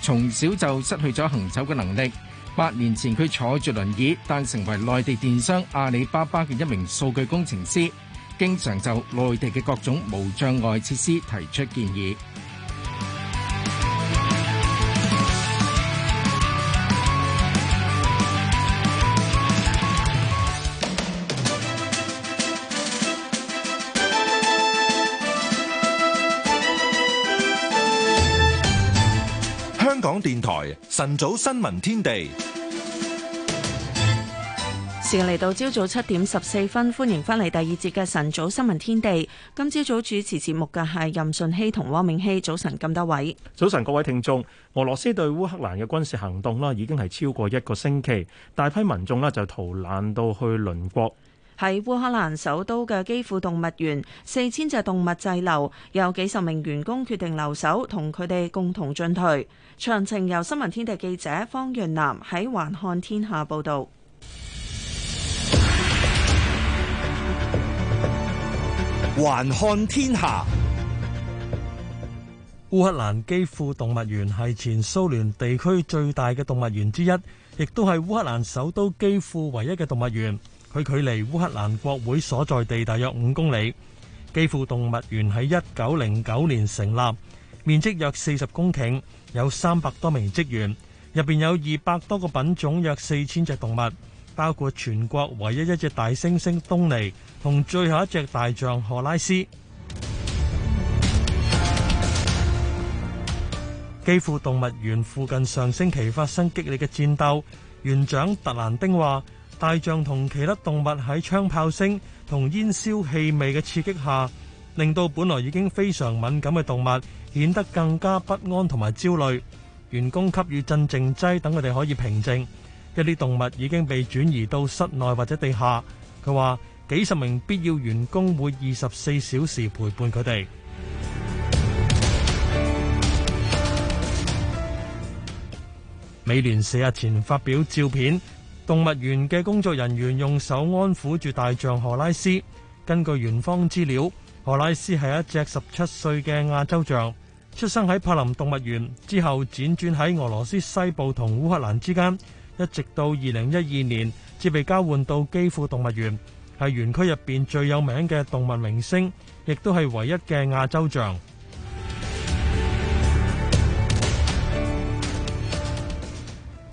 從小就失去咗行走嘅能力，八年前，佢坐住輪椅，但成為內地電商阿里巴巴嘅一名數據工程師，經常就內地嘅各種無障礙設施提出建議。台晨早新聞天地，時間嚟到朝早七點十四分，歡迎翻嚟第二節嘅晨早新聞天地。今朝早主持節目嘅係任順熙同汪明熙。早晨，咁多位，早晨各位，早晨各位聽眾，俄羅斯對烏克蘭嘅軍事行動啦，已經係超過一個星期，大批民眾咧就逃難到去鄰國。喺烏克蘭首都嘅基輔動物園，四千隻動物滯留，有幾十名員工決定留守，同佢哋共同進退。詳情由新聞天地記者方潤南喺《環看天下》報道。環看天下，烏克蘭基輔動物園係前蘇聯地區最大嘅動物園之一，亦都係烏克蘭首都基輔唯一嘅動物園。佢距離烏克蘭國會所在地大約五公里。基輔動物園喺一九零九年成立，面積約四十公頃，有三百多名職員，入邊有二百多個品種，約四千隻動物，包括全國唯一一隻大猩猩東尼同最後一隻大象荷拉斯。基輔動物園附近上星期發生激烈嘅戰鬥，園長特蘭丁話。大象同其他動物喺槍炮聲同煙硝氣味嘅刺激下，令到本來已經非常敏感嘅動物顯得更加不安同埋焦慮。員工給予鎮靜劑，等佢哋可以平靜。一啲動物已經被轉移到室內或者地下。佢話，幾十名必要員工會二十四小時陪伴佢哋。美聯社四日前發表照片。動物園嘅工作人員用手安撫住大象荷拉斯。根據園方資料，荷拉斯係一隻十七歲嘅亞洲象，出生喺柏林動物園之後，輾轉喺俄羅斯西部同烏克蘭之間，一直到二零一二年，至被交換到基庫動物園。係園區入邊最有名嘅動物明星，亦都係唯一嘅亞洲象。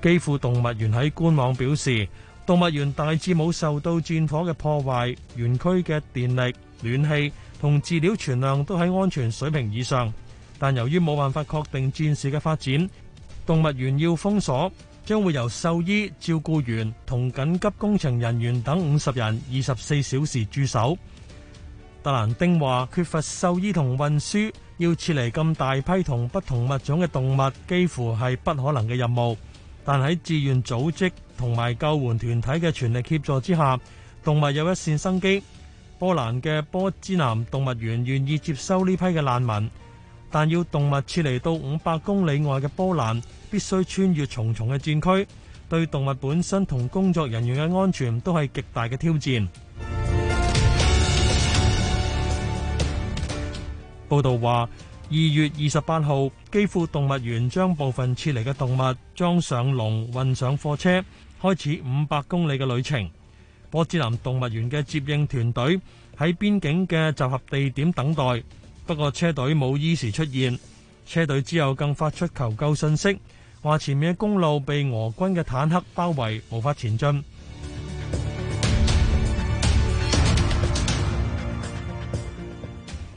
基輔動物園喺官網表示，動物園大致冇受到戰火嘅破壞，園區嘅電力、暖氣同飼料存量都喺安全水平以上。但由於冇辦法確定戰事嘅發展，動物園要封鎖，將會由獸醫、照顧員同緊急工程人員等五十人二十四小時駐守。特蘭丁話：缺乏獸醫同運輸，要撤離咁大批同不同物種嘅動物，幾乎係不可能嘅任務。但喺志願組織同埋救援團體嘅全力協助之下，動物有一線生機。波蘭嘅波茲南動物園願意接收呢批嘅難民，但要動物撤離到五百公里外嘅波蘭，必須穿越重重嘅戰區，對動物本身同工作人員嘅安全都係極大嘅挑戰。報道話。二月二十八號，基輔動物園將部分撤離嘅動物裝上籠，運上貨車，開始五百公里嘅旅程。波茲南動物園嘅接應團隊喺邊境嘅集合地點等待，不過車隊冇依時出現，車隊之後更發出求救信息，話前面嘅公路被俄軍嘅坦克包圍，無法前進。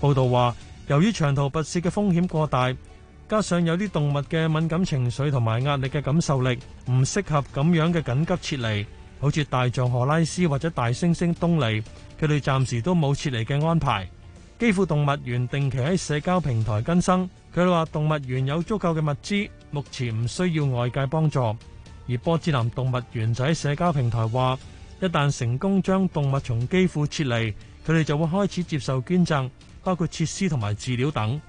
報道話，由於長途跋涉嘅風險過大，加上有啲動物嘅敏感情緒同埋壓力嘅感受力，唔適合咁樣嘅緊急撤離。好似大象荷拉斯或者大猩猩東尼，佢哋暫時都冇撤離嘅安排。基輔動物園定期喺社交平台更新，佢哋話動物園有足夠嘅物資，目前唔需要外界幫助。而波茲南動物園就喺社交平台話，一旦成功將動物從基輔撤離，佢哋就會開始接受捐贈。包括設施同埋飼料等。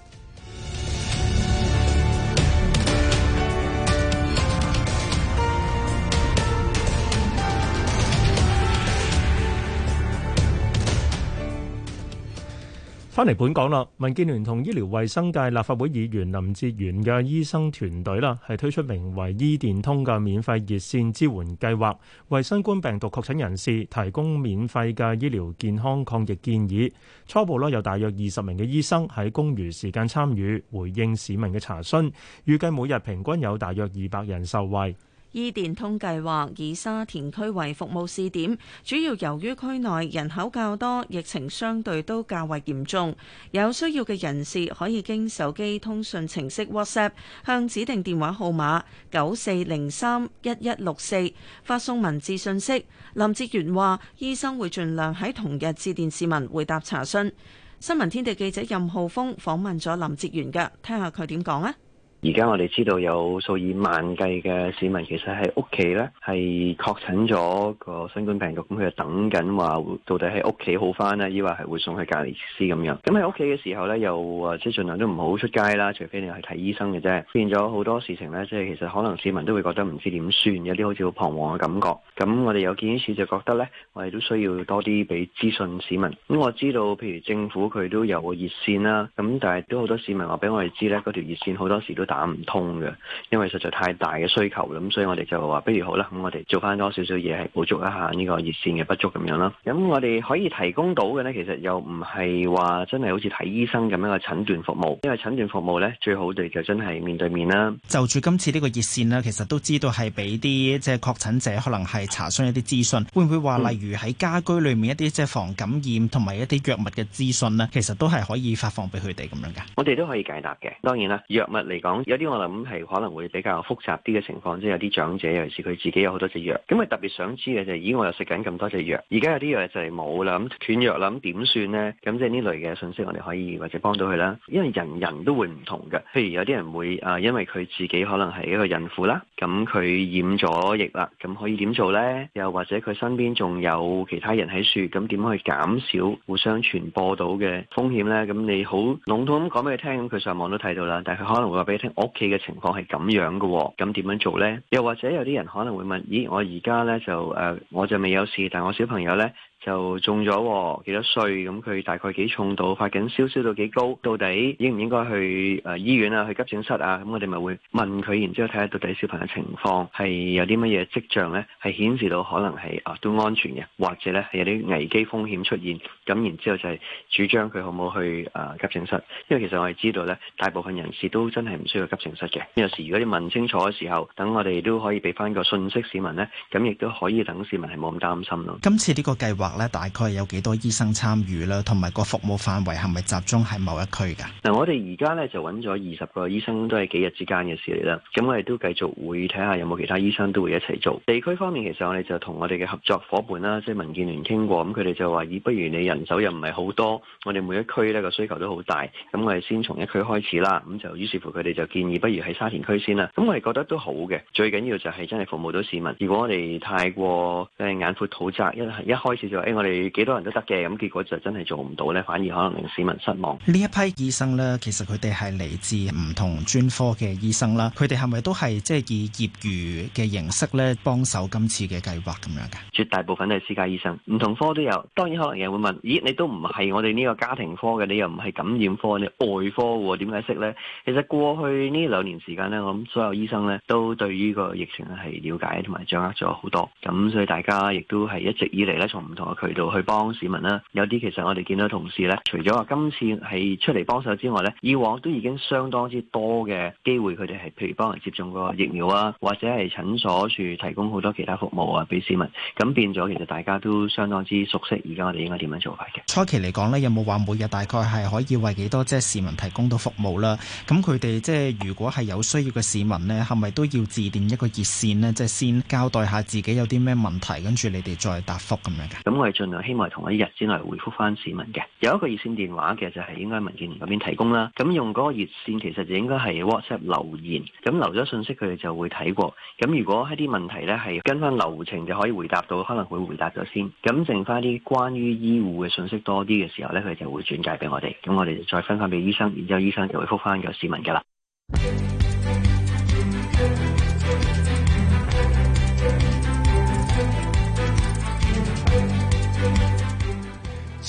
返嚟本港啦，民建聯同醫療衛生界立法會議員林志源嘅醫生團隊啦，係推出名為、e “醫電通”嘅免費熱線支援計劃，為新冠病毒確診人士提供免費嘅醫療健康抗疫建議。初步咧有大約二十名嘅醫生喺公餘時間參與，回應市民嘅查詢，預計每日平均有大約二百人受惠。醫電通計劃以沙田區為服務試點，主要由於區內人口較多，疫情相對都較為嚴重。有需要嘅人士可以經手機通訊程式 WhatsApp 向指定電話號碼九四零三一一六四發送文字信息。林哲源話：醫生會盡量喺同日致電市民回答查詢。新聞天地記者任浩峰訪問咗林哲源嘅，聽下佢點講啊！而家我哋知道有數以萬計嘅市民，其實喺屋企呢，係確診咗個新冠病毒，咁佢就等緊話，到底喺屋企好返呢，抑或係會送去隔離設施咁樣。咁喺屋企嘅時候呢，又誒即係盡量都唔好出街啦，除非你去睇醫生嘅啫。變咗好多事情呢，即係其實可能市民都會覺得唔知點算，有啲好似好彷徨嘅感覺。咁我哋有見於此，就覺得呢，我哋都需要多啲俾資訊市民。咁我知道，譬如政府佢都有個熱線啦，咁但係都好多市民話俾我哋知呢，嗰條熱線好多時都打唔通嘅，因為實在太大嘅需求咁，所以我哋就話不如好啦，咁我哋做翻多少少嘢，係補足一下呢個熱線嘅不足咁樣啦。咁、嗯、我哋可以提供到嘅咧，其實又唔係話真係好似睇醫生咁樣嘅診斷服務，因為診斷服務咧最好哋就真係面對面啦。就住今次呢個熱線啦，其實都知道係俾啲即係確診者可能係查詢一啲資訊，會唔會話例如喺家居裏面一啲即係防感染同埋一啲藥物嘅資訊咧，其實都係可以發放俾佢哋咁樣噶，我哋都可以解答嘅，當然啦，藥物嚟講。有啲我諗係可能會比較複雜啲嘅情況，即、就、係、是、有啲長者，尤其是佢自己有好多隻藥，咁佢特別想知嘅就係、是，咦我又食緊咁多隻藥，而家有啲藥就係冇啦，咁斷藥啦，咁點算咧？咁即係呢類嘅信息，我哋可以或者幫到佢啦。因為人人都會唔同嘅，譬如有啲人會啊、呃，因為佢自己可能係一個孕婦啦，咁佢染咗疫啦，咁可以點做咧？又或者佢身邊仲有其他人喺樹，咁點去減少互相傳播到嘅風險咧？咁你好籠統咁講俾佢聽，佢上網都睇到啦，但係佢可能會話俾你聽。我屋企嘅情況係咁樣嘅，哦，咁點樣做咧？又或者有啲人可能會問：咦，我而家咧就誒、呃，我就未有事，但係我小朋友咧。就中咗幾多歲，咁佢大概幾重度，發緊燒，燒到幾高，到底應唔應該去誒醫院啊，去急診室啊？咁、嗯、我哋咪會問佢，然之後睇下到底小朋友情況係有啲乜嘢跡象呢？係顯示到可能係啊都安全嘅，或者呢係有啲危機風險出現，咁然之後就係主張佢好唔好去誒急診室，因為其實我哋知道呢大部分人士都真係唔需要急診室嘅。有時如果你問清楚嘅時候，等我哋都可以俾翻個信息市民呢，咁亦都可以等市民係冇咁擔心咯。今次呢個計劃。咧大概有幾多醫生參與啦，同埋個服務範圍係咪集中喺某一區噶？嗱，我哋而家咧就揾咗二十個醫生，都係幾日之間嘅事嚟啦。咁我哋都繼續會睇下有冇其他醫生都會一齊做。地區方面，其實我哋就同我哋嘅合作夥伴啦，即係民建聯傾過，咁佢哋就話，以不如你人手又唔係好多，我哋每一區呢個需求都好大，咁我哋先從一區開始啦。咁就於是乎，佢哋就建議不如喺沙田區先啦。咁我哋覺得都好嘅，最緊要就係真係服務到市民。如果我哋太過誒眼闊肚窄，一係一開始就。誒、哎，我哋幾多人都得嘅，咁結果就真係做唔到咧，反而可能令市民失望。呢一批醫生咧，其實佢哋係嚟自唔同專科嘅醫生啦，佢哋係咪都係即係以業餘嘅形式咧幫手今次嘅計劃咁樣嘅？絕大部分都係私家醫生，唔同科都有。當然可能有人會問：咦，你都唔係我哋呢個家庭科嘅，你又唔係感染科，你外科喎，點解識咧？其實過去呢兩年時間咧，我諗所有醫生咧都對於呢個疫情係了解同埋掌握咗好多，咁所以大家亦都係一直以嚟咧從唔同。渠道去幫市民啦，有啲其實我哋見到同事咧，除咗話今次係出嚟幫手之外咧，以往都已經相當之多嘅機會，佢哋係譬如幫人接種個疫苗啊，或者係診所處提供好多其他服務啊，俾市民。咁變咗，其實大家都相當之熟悉。而家我哋應該點樣做法嘅？初期嚟講咧，有冇話每日大概係可以為幾多即係市民提供到服務啦？咁佢哋即係如果係有需要嘅市民咧，係咪都要致電一個熱線咧，即係先交代下自己有啲咩問題，跟住你哋再答覆咁樣嘅？我係盡量希望係同一日之內回覆翻市民嘅，有一個熱線電話嘅就係應該民建聯嗰邊提供啦。咁用嗰個熱線其實就應該係 WhatsApp 留言，咁留咗信息佢哋就會睇過。咁如果喺啲問題呢，係跟翻流程就可以回答到，可能會回答咗先。咁剩翻啲關於醫護嘅信息多啲嘅時候呢，佢哋就會轉介俾我哋。咁我哋再分享俾醫生，然之後醫生就會覆翻個市民噶啦。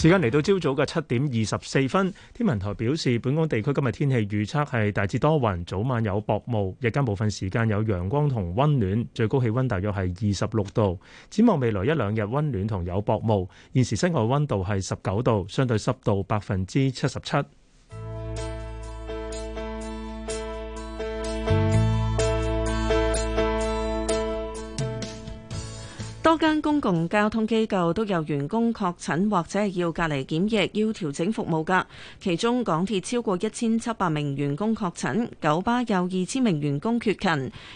時間嚟到朝早嘅七點二十四分，天文台表示，本港地區今日天氣預測係大致多雲，早晚有薄霧，日間部分時間有陽光同温暖，最高氣温大約係二十六度。展望未來一兩日温暖同有薄霧。現時室外温度係十九度，相對濕度百分之七十七。多間公共交通機構都有員工確診或者係要隔離檢疫，要調整服務㗎。其中港鐵超過一千七百名員工確診，九巴有二千名員工缺勤，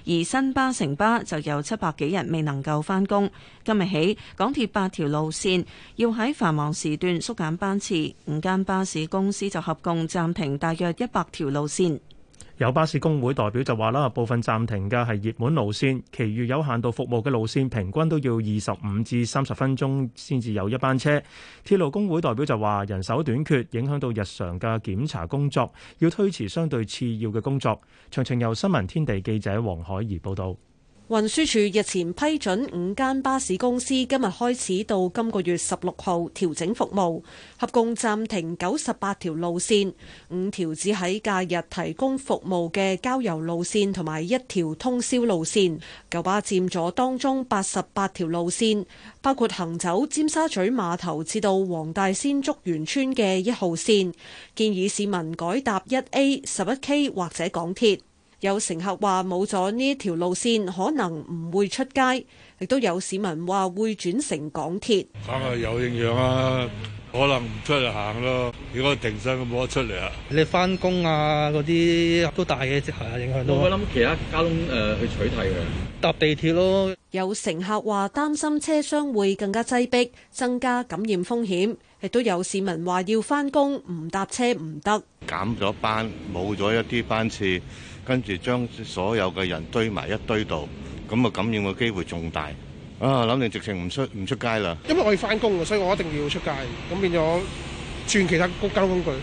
而新巴、城巴就有七百幾人未能夠返工。今日起，港鐵八條路線要喺繁忙時段縮減班次，五間巴士公司就合共暫停大約一百條路線。有巴士工會代表就話啦，部分暫停嘅係熱門路線，其餘有限度服務嘅路線，平均都要二十五至三十分鐘先至有一班車。鐵路工會代表就話，人手短缺，影響到日常嘅檢查工作，要推遲相對次要嘅工作。詳情由新聞天地記者黃海怡報道。運輸署日前批准五間巴士公司，今日開始到今個月十六號調整服務，合共暫停九十八條路線，五條只喺假日提供服務嘅郊遊路線同埋一條通宵路線，九巴佔咗當中八十八條路線，包括行走尖沙咀碼頭至到黃大仙竹園村嘅一號線，建議市民改搭一 A、十一 K 或者港鐵。有乘客話冇咗呢條路線，可能唔會出街，亦都有市民話會轉乘港鐵。梗係有影響啊，可能唔出嚟行咯。如果停曬，我冇得出嚟啊。你翻工啊，嗰啲都大嘅即係影響到。我諗其他交通誒去取替嘅，搭地鐵咯。有乘客話擔心車廂會更加擠逼，增加感染風險，亦都有市民話要翻工唔搭車唔得。減咗班，冇咗一啲班次。跟住將所有嘅人堆埋一堆度，咁啊感染嘅機會仲大。啊，諗住直情唔出唔出街啦。因為我要翻工，所以我一定要出街。咁變咗轉其他公共交通工具，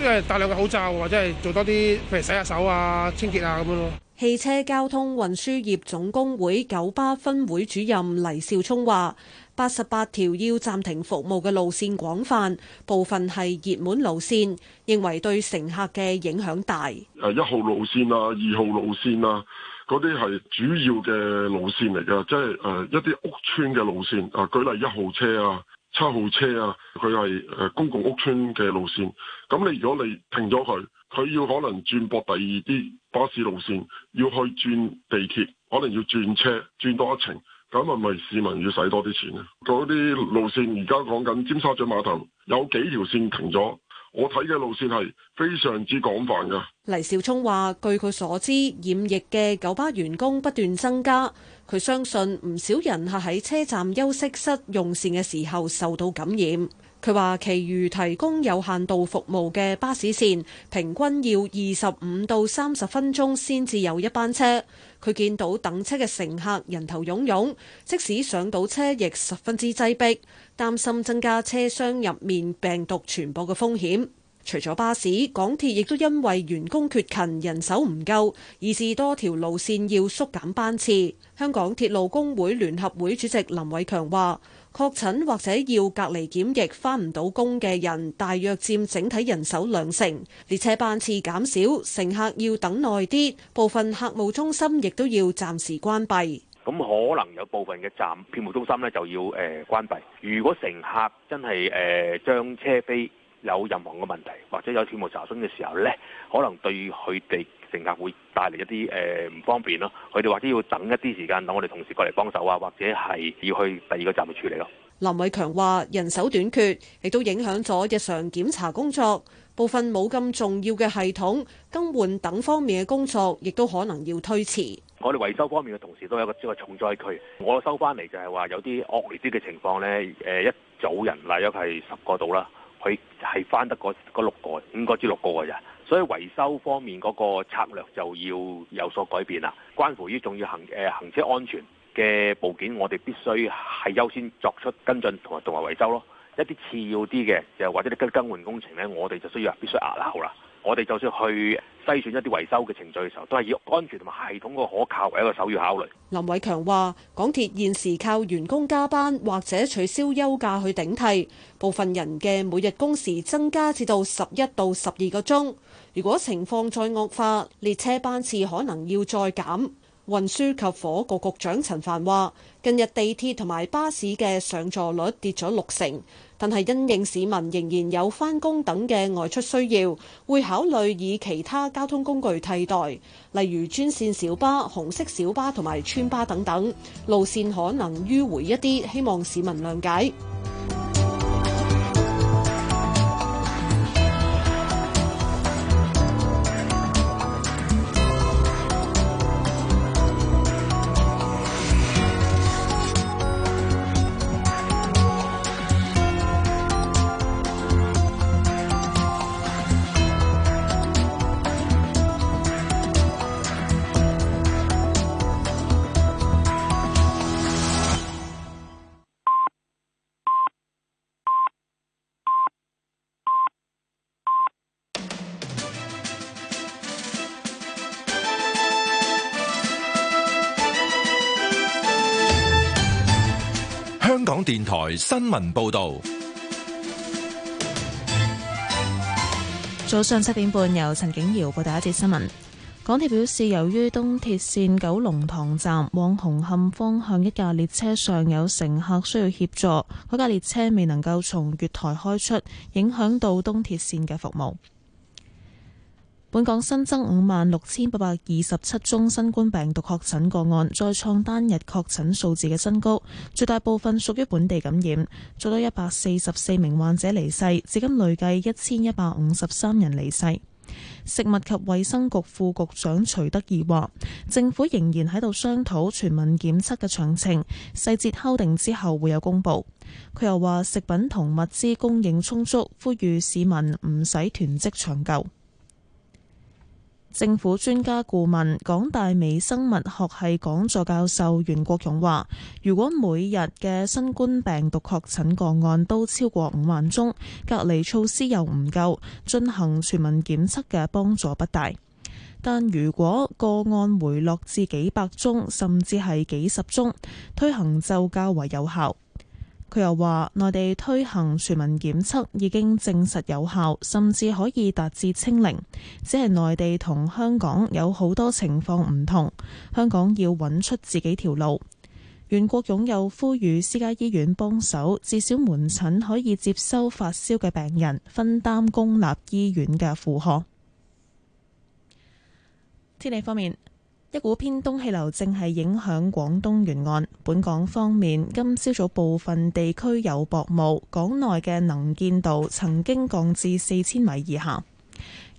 即係戴兩個口罩，或者係做多啲，譬如洗下手啊、清潔啊咁樣咯。汽車交通運輸業總工會九巴分會主任黎兆聰話。八十八條要暫停服務嘅路線廣泛，部分係熱門路線，認為對乘客嘅影響大。誒一號路線啊，二號路線啊，嗰啲係主要嘅路線嚟嘅，即係誒一啲屋邨嘅路線啊，舉例一號車啊，七號車啊，佢係誒公共屋邨嘅路線，咁你如果你停咗佢，佢要可能轉駁第二啲巴士路線，要去轉地鐵，可能要轉車轉多一程。咁係咪市民要使多啲錢咧？嗰啲路線而家講緊，尖沙咀碼頭有幾條線停咗。我睇嘅路線係非常之廣泛噶。黎少聰話，據佢所知，染疫嘅九巴員工不斷增加。佢相信唔少人係喺車站休息室用膳嘅時候受到感染。佢話，其餘提供有限度服務嘅巴士線，平均要二十五到三十分鐘先至有一班車。佢見到等車嘅乘客人頭湧湧，即使上到車亦十分之擠迫，擔心增加車廂入面病毒傳播嘅風險。除咗巴士，港鐵亦都因為員工缺勤、人手唔夠，以至多條路線要縮減班次。香港鐵路工會聯合會主席林偉強話。確診或者要隔離檢疫翻唔到工嘅人大約佔整體人手兩成，列車班次減少，乘客要等耐啲，部分客務中心亦都要暫時關閉。咁可能有部分嘅站票務中心呢就要誒關閉。如果乘客真係誒將車飛有任何嘅問題或者有票務查詢嘅時候呢，可能對佢哋。乘客會帶嚟一啲誒唔方便咯，佢哋或者要等一啲時間等我哋同事過嚟幫手啊，或者係要去第二個站去處理咯。林偉強話：人手短缺，亦都影響咗日常檢查工作，部分冇咁重要嘅系統更換等方面嘅工作，亦都可能要推遲。我哋維修方面嘅同事都有一個即係重災區，我收翻嚟就係話有啲惡劣啲嘅情況咧。誒一組人，例如係十個度啦，佢係翻得嗰六個，應該只六個嘅人。所以維修方面嗰個策略就要有所改變啦，關乎於重要行誒、呃、行車安全嘅部件，我哋必須係優先作出跟進同埋同埋維修咯。一啲次要啲嘅，又或者啲更更換工程咧，我哋就需要必須押後啦。我哋就算去篩選一啲維修嘅程序嘅時候，都係以安全同埋系統個可靠為一個首要考慮。林偉強話：港鐵現時靠員工加班或者取消休假去頂替部分人嘅每日工時，增加至到十一到十二個鐘。如果情況再惡化，列車班次可能要再減。運輸及火局局長陳帆話：近日地鐵同埋巴士嘅上座率跌咗六成，但係因應市民仍然有返工等嘅外出需要，會考慮以其他交通工具替代，例如專線小巴、紅色小巴同埋村巴等等，路線可能迂回一啲，希望市民諒解。台新聞報道，早上七點半，由陳景瑤報道第一節新聞。港鐵表示，由於東鐵綫九龍塘站往紅磡方向一架列車上有乘客需要協助，嗰架列車未能夠從月台開出，影響到東鐵綫嘅服務。本港新增五萬六千八百二十七宗新冠病毒確診個案，再創單日確診數字嘅新高。絕大部分屬於本地感染，最多一百四十四名患者離世，至今累計一千一百五十三人離世。食物及衛生局副局長徐德義話，政府仍然喺度商討全民檢測嘅詳情，細節敲定之後會有公布。佢又話，食品同物資供應充足，呼籲市民唔使囤積搶購。政府專家顧問、港大微生物學系講座教授袁國勇話，如果每日嘅新冠病毒確診個案都超過五萬宗，隔離措施又唔夠，進行全民檢測嘅幫助不大。但如果個案回落至幾百宗，甚至係幾十宗，推行就較為有效。佢又話：內地推行全民檢測已經證實有效，甚至可以達至清零。只係內地同香港有好多情況唔同，香港要揾出自己條路。袁國勇又呼籲私家醫院幫手，至少門診可以接收發燒嘅病人，分擔公立醫院嘅負荷。天氣方面。一股偏東氣流正係影響廣東沿岸，本港方面，今朝早部分地區有薄霧，港內嘅能見度曾經降至四千米以下。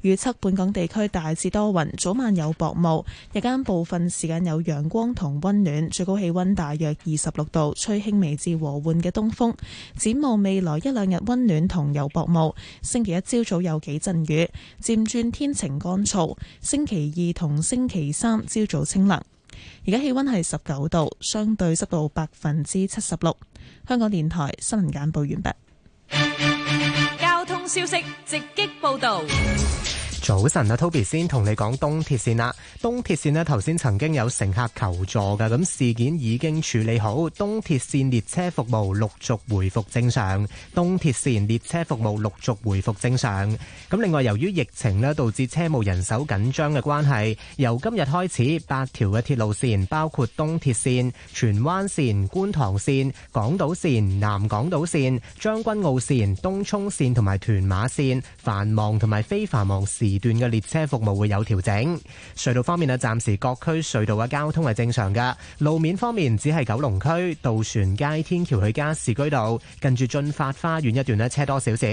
預測本港地區大致多雲，早晚有薄霧，日間部分時間有陽光同温暖，最高氣溫大約二十六度，吹輕微至和緩嘅東風。展望未來一兩日温暖同有薄霧，星期一朝早，早有幾陣雨，漸轉天晴乾燥。星期二同星期三朝早，早清涼。而家氣溫係十九度，相對濕度百分之七十六。香港電台新聞簡報完畢。交通消息直擊報道。早晨啊，Toby 先同你講東鐵線啦。東鐵線咧，頭先曾經有乘客求助噶，咁事件已經處理好，東鐵線列車服務陸續回復正常。東鐵線列車服務陸續回復正常。咁另外，由於疫情咧導致車務人手緊張嘅關係，由今日開始，八條嘅鐵路線，包括東鐵線、荃灣線、觀塘線、港島線、南港島線、將軍澳線、東涌線同埋屯馬線，繁忙同埋非繁忙時。時段嘅列車服務會有調整。隧道方面啊，暫時各區隧道嘅交通係正常㗎。路面方面只，只係九龍區渡船街天橋去加士居道近住駿發花園一段咧，車多少少。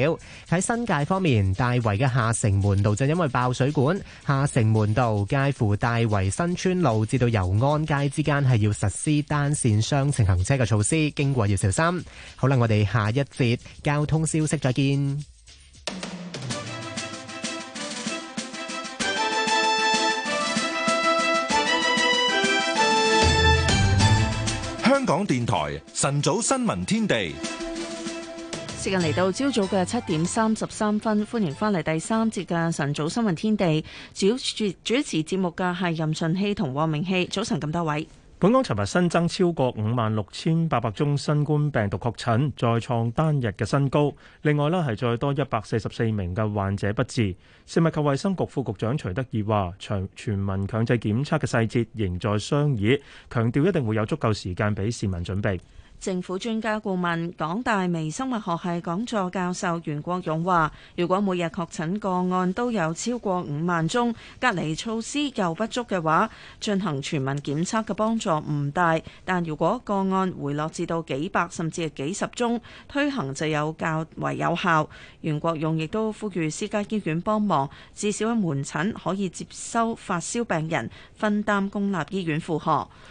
喺新界方面，大圍嘅下城門道就因為爆水管，下城門道介乎大圍新村路至到油安街之間係要實施單線雙程行車嘅措施，經過要小心。好啦，我哋下一節交通消息再見。香港電台晨早新聞天地，時間嚟到朝早嘅七點三十三分，歡迎返嚟第三節嘅晨早新聞天地。主持主持節目嘅係任順希同黃明希，早晨咁多位。本港尋日新增超過五萬六千八百宗新冠病毒確診，再創單日嘅新高。另外呢，係再多一百四十四名嘅患者不治。食物及衛生局副局長徐德義話：全全民強制檢測嘅細節仍在商議，強調一定會有足夠時間俾市民準備。政府專家顧問、港大微生物學系講座教授袁國勇話，如果每日確診個案都有超過五萬宗，隔離措施又不足嘅話，進行全民檢測嘅幫助唔大。但如果個案回落至到幾百甚至係幾十宗，推行就有較為有效。袁國勇亦都呼籲私家醫院幫忙，至少喺門診可以接收發燒病人，分擔公立醫院負荷。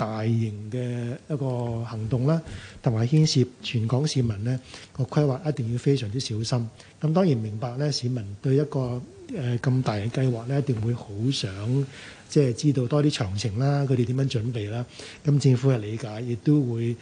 大型嘅一個行動啦，同埋牽涉全港市民，呢個規劃一定要非常之小心。咁當然明白咧，市民對一個誒咁大嘅計劃咧，一定會好想即係知道多啲詳情啦，佢哋點樣準備啦。咁政府嘅理解，亦都會。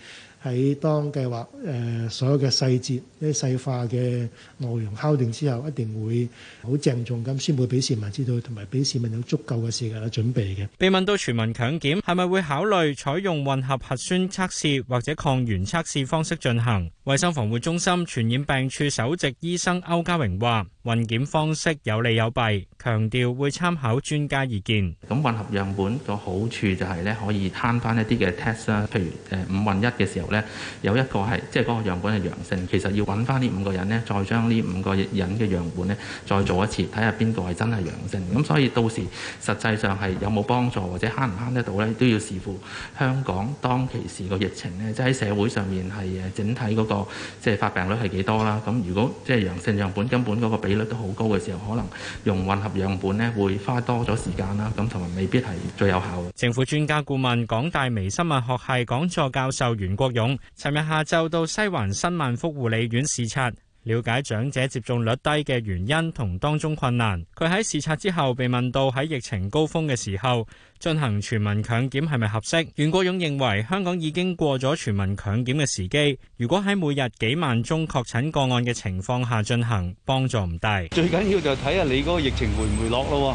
喺當計劃誒所有嘅細節、啲細化嘅內容敲定之後，一定會好鄭重咁先會俾市民知道，同埋俾市民有足夠嘅時間去準備嘅。被問到全民強檢係咪會考慮採用混合核酸測試或者抗原測試方式進行，衞生防護中心傳染病處首席醫生歐家榮話。混檢方式有利有弊，強調會參考專家意見。咁混合樣本個好處就係咧，可以慳翻一啲嘅 test 啦。譬如誒五混一嘅時候咧，有一個係即係嗰個樣本係陽性，其實要揾翻呢五個人咧，再將呢五個人嘅樣本咧再做一次，睇下邊個係真係陽性。咁所以到時實際上係有冇幫助或者慳唔慳得到咧，都要視乎香港當其時個疫情咧，即係喺社會上面係誒整體嗰個即係發病率係幾多啦。咁如果即係陽性樣本根本嗰個比率都好高嘅時候，可能用混合樣本呢會花多咗時間啦。咁同埋未必係最有效嘅。政府專家顧問、港大微生物學系講座教授袁國勇，尋日下晝到西環新萬福護理院視察。了解長者接種率低嘅原因同當中困難。佢喺視察之後被問到喺疫情高峰嘅時候進行全民強檢係咪合適？袁國勇認為香港已經過咗全民強檢嘅時機。如果喺每日幾萬宗確診個案嘅情況下進行，幫助唔大。最緊要就睇下你嗰個疫情回唔回落咯。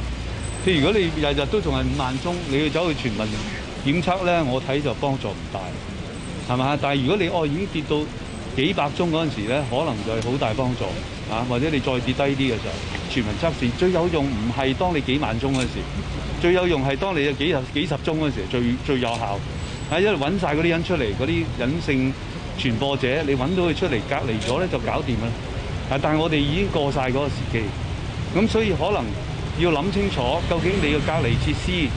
譬如如果你日日都仲係五萬宗，你要走去全民檢測呢，我睇就幫助唔大，係嘛？但係如果你哦已經跌到幾百宗嗰陣時咧，可能就係好大幫助啊！或者你再跌低啲嘅時候，全民測試最有用唔係當你幾萬宗嗰時，最有用係當你有幾十幾十宗嗰時，最最有效啊！因為揾晒嗰啲人出嚟，嗰啲隱性傳播者，你揾到佢出嚟隔離咗咧，就搞掂啦。啊！但係我哋已經過晒嗰個時機，咁所以可能要諗清楚，究竟你嘅隔離設施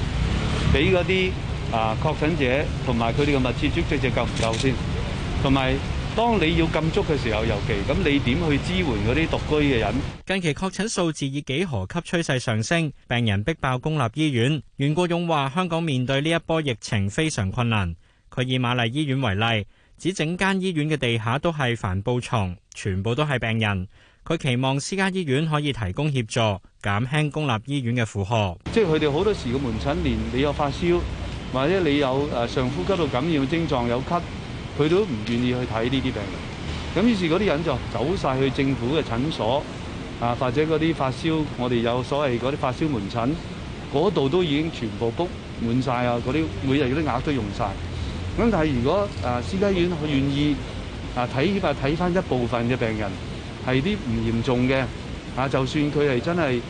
俾嗰啲啊確診者同埋佢哋嘅密切接觸者夠唔夠先，同埋。當你要禁足嘅時候，尤其咁，你點去支援嗰啲獨居嘅人？近期確診數字以幾何級趨勢上升，病人逼爆公立醫院。袁國勇話：香港面對呢一波疫情非常困難。佢以瑪麗醫院為例，指整間醫院嘅地下都係帆布床，全部都係病人。佢期望私家醫院可以提供協助，減輕公立醫院嘅負荷。即係佢哋好多時嘅門診，連你有發燒，或者你有誒上呼吸道感染症狀有，有咳。佢都唔願意去睇呢啲病人。咁於是嗰啲人就走晒去政府嘅診所啊，或者嗰啲發燒，我哋有所謂嗰啲發燒門診，嗰度都已經全部 book 滿晒啊！嗰啲每日嗰啲額都用晒。咁但係如果誒私家醫院願意誒睇啊睇翻一部分嘅病人，係啲唔嚴重嘅啊，就算佢係真係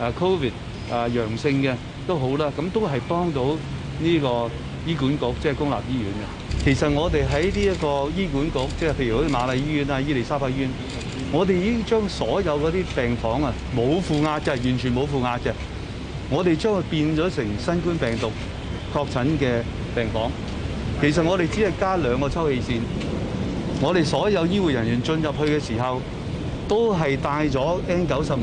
誒 COVID 誒陽性嘅都好啦，咁都係幫到呢個醫管局即係、就是、公立醫院嘅。其實我哋喺呢一個醫管局，即係譬如嗰啲瑪麗醫院啊、伊利沙白醫院，我哋已經將所有嗰啲病房啊，冇負壓制，完全冇負壓嘅。我哋將佢變咗成新冠病毒確診嘅病房。其實我哋只係加兩個抽氣扇。我哋所有醫護人員進入去嘅時候，都係戴咗 N 九十五。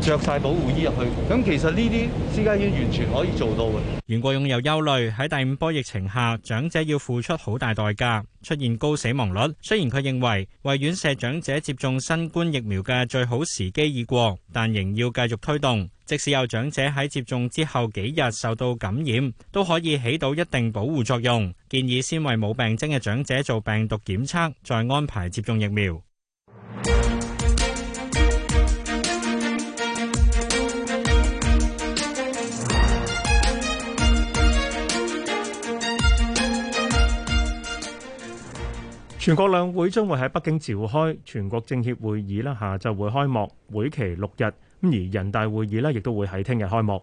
着晒保護衣入去，咁其實呢啲私家醫院完全可以做到嘅。袁國勇又憂慮喺第五波疫情下，長者要付出好大代價，出現高死亡率。雖然佢認為為院舍長者接種新冠疫苗嘅最好時機已過，但仍要繼續推動。即使有長者喺接種之後幾日受到感染，都可以起到一定保護作用。建議先為冇病徵嘅長者做病毒檢測，再安排接種疫苗。全國兩會將會喺北京召開，全國政協會議啦下晝會開幕，會期六日。咁而人大會議咧，亦都會喺聽日開幕。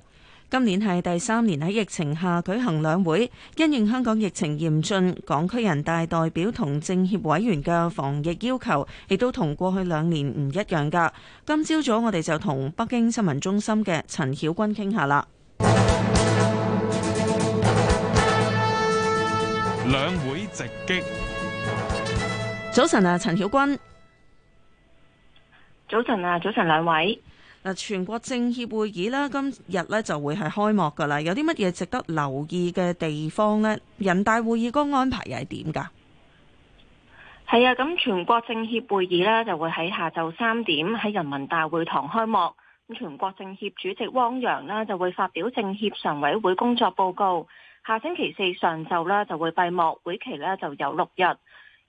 今年係第三年喺疫情下舉行兩會，因應香港疫情嚴峻，港區人大代表同政協委員嘅防疫要求，亦都同過去兩年唔一樣噶。今朝早我哋就同北京新聞中心嘅陳曉君傾下啦。兩會直擊。早晨啊，陳曉君。早晨啊，早晨兩位。嗱，全國政協會議呢，今日呢就會係開幕噶啦。有啲乜嘢值得留意嘅地方呢？人大會議嗰個安排又係點噶？係啊，咁全國政協會議呢就會喺下晝三點喺人民大會堂開幕。咁全國政協主席汪洋呢就會發表政協常委會工作報告。下星期四上晝呢就會閉幕，會期呢就有六日。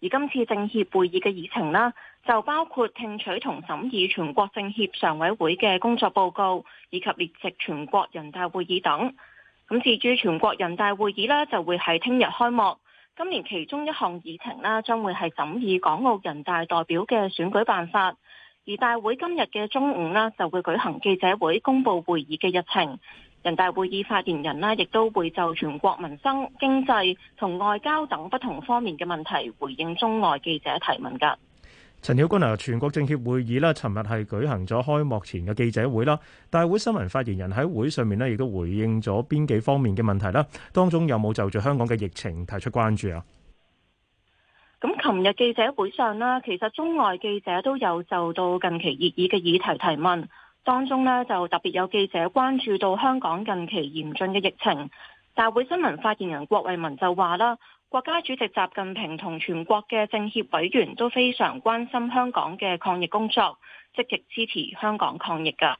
而今次政協會議嘅議程啦，就包括聽取同審議全國政協常委會嘅工作報告，以及列席全國人大會議等。咁，至於全國人大會議呢，就會係聽日開幕。今年其中一項議程啦，將會係審議港澳人大代表嘅選舉辦法。而大會今日嘅中午咧，就會舉行記者會，公佈會議嘅日程。人大會議發言人呢，亦都會就全國民生、經濟同外交等不同方面嘅問題回應中外記者提問噶。陳曉君啊，全國政協會議呢，尋日係舉行咗開幕前嘅記者會啦。大會新聞發言人喺會上面呢，亦都回應咗邊幾方面嘅問題啦。當中有冇就住香港嘅疫情提出關注啊？咁琴日記者會上啦，其實中外記者都有就到近期熱議嘅議題提問。當中呢，就特別有記者關注到香港近期嚴峻嘅疫情，大會新聞發言人郭衛民就話啦：國家主席習近平同全國嘅政協委員都非常關心香港嘅抗疫工作，積極支持香港抗疫嘅。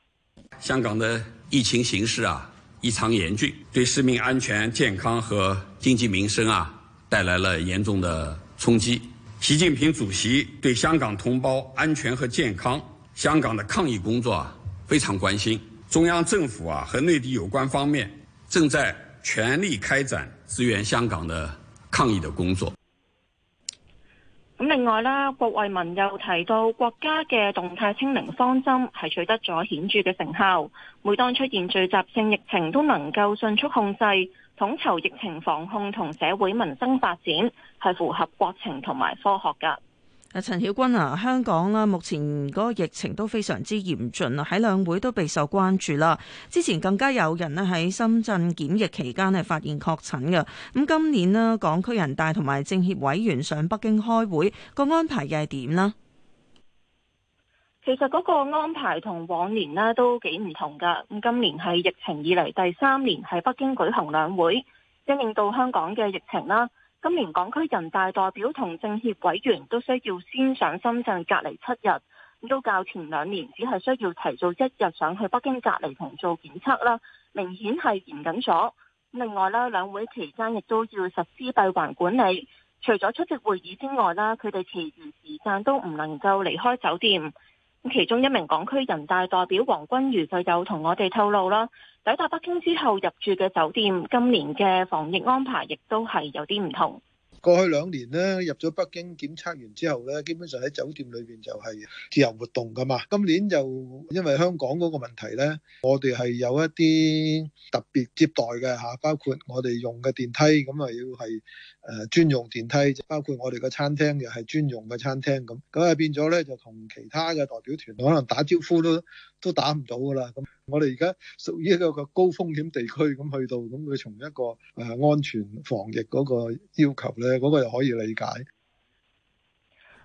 香港的疫情形勢啊，異常嚴峻，對市民安全、健康和經濟民生啊，帶來了嚴重的衝擊。習近平主席對香港同胞安全和健康、香港的抗疫工作啊，非常關心，中央政府啊和內地有關方面正在全力開展支援香港的抗疫的工作。咁另外啦，郭衛民又提到，國家嘅動態清零方針係取得咗顯著嘅成效，每當出現聚集性疫情都能夠迅速控制，統籌疫情防控同社會民生發展，係符合國情同埋科學噶。陳曉君啊，香港啦，目前嗰個疫情都非常之嚴峻啊，喺兩會都備受關注啦。之前更加有人呢，喺深圳檢疫期間係發現確診嘅。咁今年呢，港區人大同埋政協委員上北京開會，個安排又係點呢？其實嗰個安排同往年呢都幾唔同噶。咁今年係疫情以嚟，第三年喺北京舉行兩會，因應到香港嘅疫情啦。今年港區人大代表同政協委員都需要先上深圳隔離七日，都到較前兩年只係需要提早一日上去北京隔離同做檢測啦，明顯係嚴謹咗。另外咧，兩會期間亦都要實施閉環管理，除咗出席會議之外啦，佢哋其餘時間都唔能夠離開酒店。其中一名港區人大代表黃均瑜就有同我哋透露啦，抵達北京之後入住嘅酒店，今年嘅防疫安排亦都係有啲唔同。過去兩年呢，入咗北京檢測完之後呢，基本上喺酒店裏邊就係自由活動㗎嘛。今年就因為香港嗰個問題呢，我哋係有一啲特別接待嘅吓，包括我哋用嘅電梯咁啊，要係。誒專用電梯，包括我哋個餐廳又係專用嘅餐廳咁，咁啊變咗呢，就同其他嘅代表團可能打招呼都都打唔到噶啦。咁我哋而家屬於一個個高風險地區咁去到，咁佢從一個誒安全防疫嗰個要求呢，嗰個又可以理解。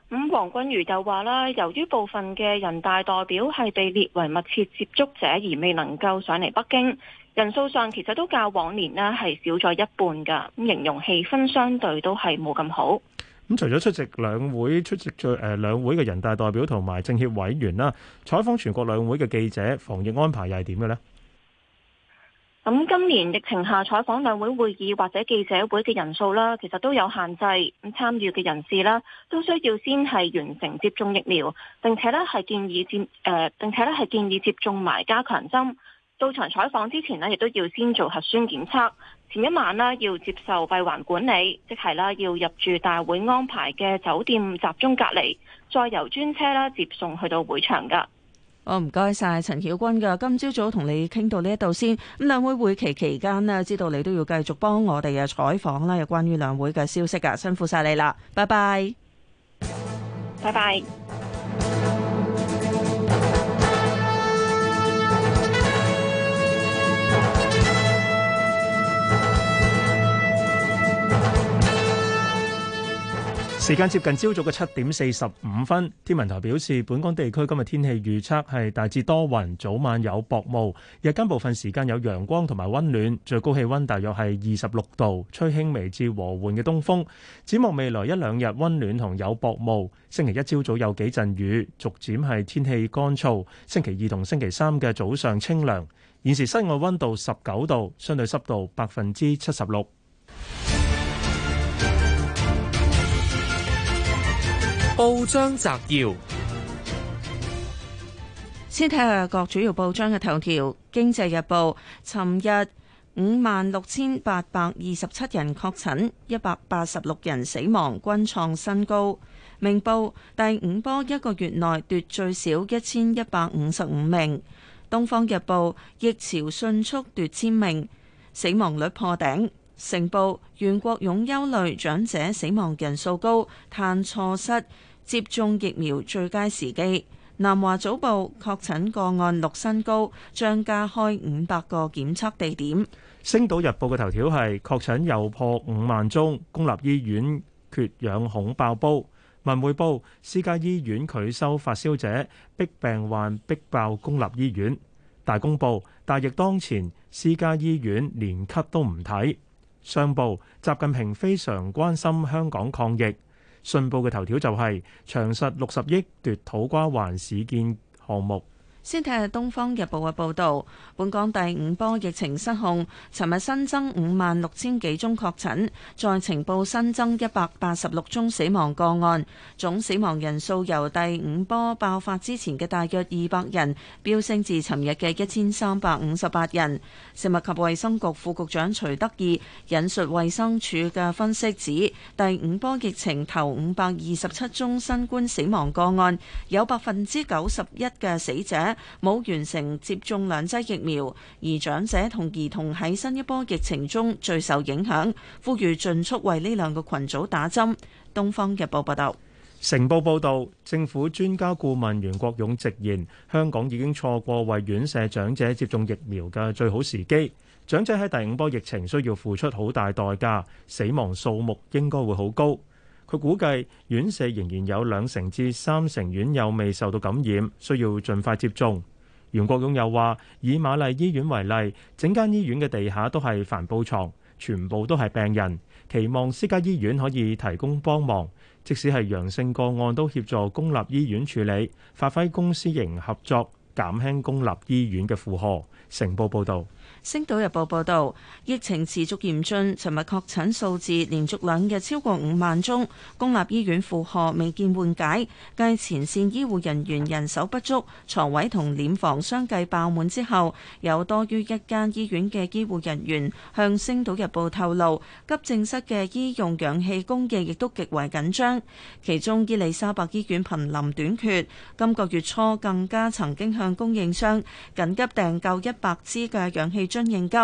咁黃君如就話啦，由於部分嘅人大代表係被列為密切接觸者而未能夠上嚟北京。人數上其實都較往年呢係少咗一半噶，咁形容氣氛相對都係冇咁好。咁、嗯、除咗出席兩會、出席咗誒兩會嘅人大代表同埋政協委員啦，啊、採訪全國兩會嘅記者，防疫安排又係點嘅呢？咁、嗯、今年疫情下採訪兩會會議或者記者會嘅人數啦，其實都有限制，咁參與嘅人士啦，都需要先係完成接種疫苗，並且呢係建議接誒、呃，並且咧係建議接種埋加強針。到場採訪之前呢，亦都要先做核酸檢測。前一晚呢，要接受閉環管理，即係啦，要入住大會安排嘅酒店集中隔離，再由專車啦接送去到會場噶。好、哦，唔該晒陳曉君噶。今朝早同你傾到呢一度先咁。兩會會期期間呢，知道你都要繼續幫我哋嘅採訪啦，有關於兩會嘅消息噶，辛苦晒你啦，拜拜，拜拜。時間接近朝早嘅七點四十五分，天文台表示，本港地區今日天氣預測係大致多雲，早晚有薄霧，日間部分時間有陽光同埋溫暖，最高氣溫大約係二十六度，吹輕微至和緩嘅東風。展望未來一兩日，溫暖同有薄霧，星期一朝早，早有幾陣雨，逐漸係天氣乾燥。星期二同星期三嘅早上清涼。現時室外溫度十九度，相對濕度百分之七十六。報章摘要，先睇下各主要報章嘅頭條。《經濟日報》尋日五萬六千八百二十七人確診，一百八十六人死亡，均創新高。明報第五波一個月內奪最少一千一百五十五名。《東方日報》疫潮迅速奪千名，死亡率破頂。成報，袁國勇憂慮長者死亡人數高，探錯失接種疫苗最佳時機。南華早報，確診個案率新高，將加開五百個檢測地點。星島日報嘅頭條係確診又破五萬宗，公立醫院缺氧恐爆煲。文匯報，私家醫院拒收發燒者，逼病患逼爆公立醫院。大公報，大疫當前，私家醫院連咳都唔睇。上報，習近平非常關心香港抗疫。信報嘅頭條就係、是、長實六十億奪土瓜灣市建項目。先睇下《東方日報》嘅報道。本港第五波疫情失控，尋日新增五萬六千幾宗確診，再呈報新增一百八十六宗死亡個案，總死亡人數由第五波爆發之前嘅大約二百人，飆升至尋日嘅一千三百五十八人。食物及衛生局副局長徐德義引述衛生署嘅分析指，第五波疫情頭五百二十七宗新冠死亡個案，有百分之九十一嘅死者。冇完成接種兩劑疫苗，而長者同兒童喺新一波疫情中最受影響，呼籲盡速為呢兩個群組打針。東方日報報道。成報報道，政府專家顧問袁國勇直言，香港已經錯過為院舍長者接種疫苗嘅最好時機，長者喺第五波疫情需要付出好大代價，死亡數目應該會好高。佢估計院舍仍然有兩成至三成院友未受到感染，需要盡快接種。袁國勇又話：以瑪麗醫院為例，整間醫院嘅地下都係帆布牀，全部都係病人。期望私家醫院可以提供幫忙，即使係陽性個案都協助公立醫院處理，發揮公私營合作，減輕公立醫院嘅負荷。成報報導。《星島日報》報導，疫情持續嚴峻，尋日確診數字連續兩日超過五萬宗，公立醫院負荷未見緩解。繼前線醫護人員人手不足、床位同殮房相繼爆滿之後，有多於一間醫院嘅醫護人員向《星島日報》透露，急症室嘅醫用氧氣供應亦都極為緊張。其中伊利沙伯醫院瀕臨短缺，今個月初更加曾經向供應商緊急訂購一百支嘅氧氣。將應急，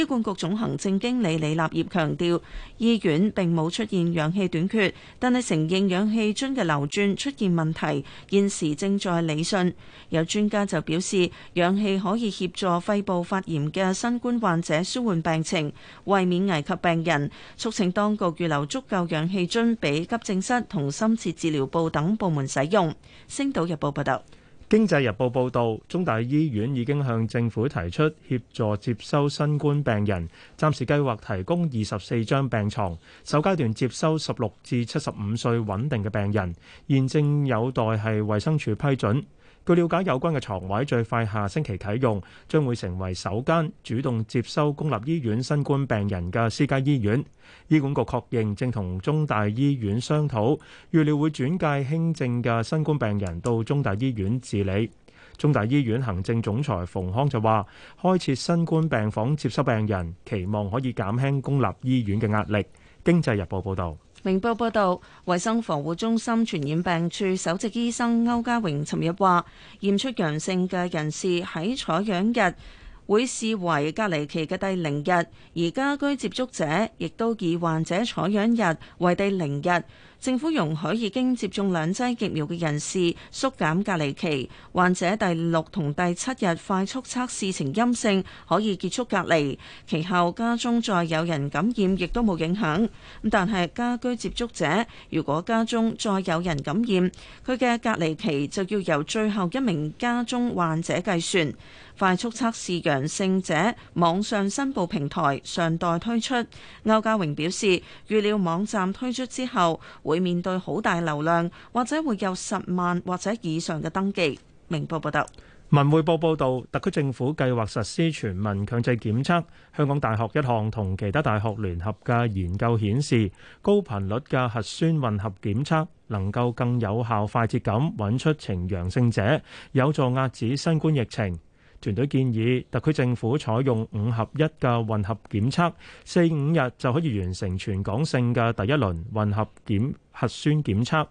醫管局總行政經理李立業強調，醫院並冇出現氧氣短缺，但係承認氧氣樽嘅流轉出現問題，現時正在理順。有專家就表示，氧氣可以協助肺部發炎嘅新冠患者舒緩病情，為免危及病人，促請當局預留足夠氧氣樽俾急症室同深切治療部等部門使用。星島日報報道。經濟日報報道，中大醫院已經向政府提出協助接收新冠病人，暫時計劃提供二十四張病床，首階段接收十六至七十五歲穩定嘅病人，現正有待係衛生署批准。據了解，有關嘅床位最快下星期啟用，將會成為首間主動接收公立醫院新冠病人嘅私家醫院。醫管局確認正同中大醫院商討，預料會轉介輕症嘅新冠病人到中大醫院治理。中大醫院行政總裁馮康就話，開設新冠病房接收病人，期望可以減輕公立醫院嘅壓力。經濟日報報道。明報報道：衞生防護中心傳染病處首席醫生歐家榮尋日話，驗出陽性嘅人士喺採樣日會視為隔離期嘅第零日，而家居接觸者亦都以患者採樣日為第零日。政府容許已經接種兩劑疫苗嘅人士縮減隔離期，患者第六同第七日快速測試呈陰性可以結束隔離，其後家中再有人感染亦都冇影響。但係家居接觸者，如果家中再有人感染，佢嘅隔離期就要由最後一名家中患者計算。快速測試陽性者網上申報平台尚待推出，歐家榮表示預料網站推出之後會面對好大流量，或者會有十萬或者以上嘅登記。明報報道，文匯報報道，特區政府計劃實施全民強制檢測。香港大學一項同其他大學聯合嘅研究顯示，高頻率嘅核酸混合檢測能夠更有效、快捷咁揾出呈陽性者，有助壓止新冠疫情。團隊建議特區政府採用五合一嘅混合檢測，四五日就可以完成全港性嘅第一輪混合檢核酸檢測。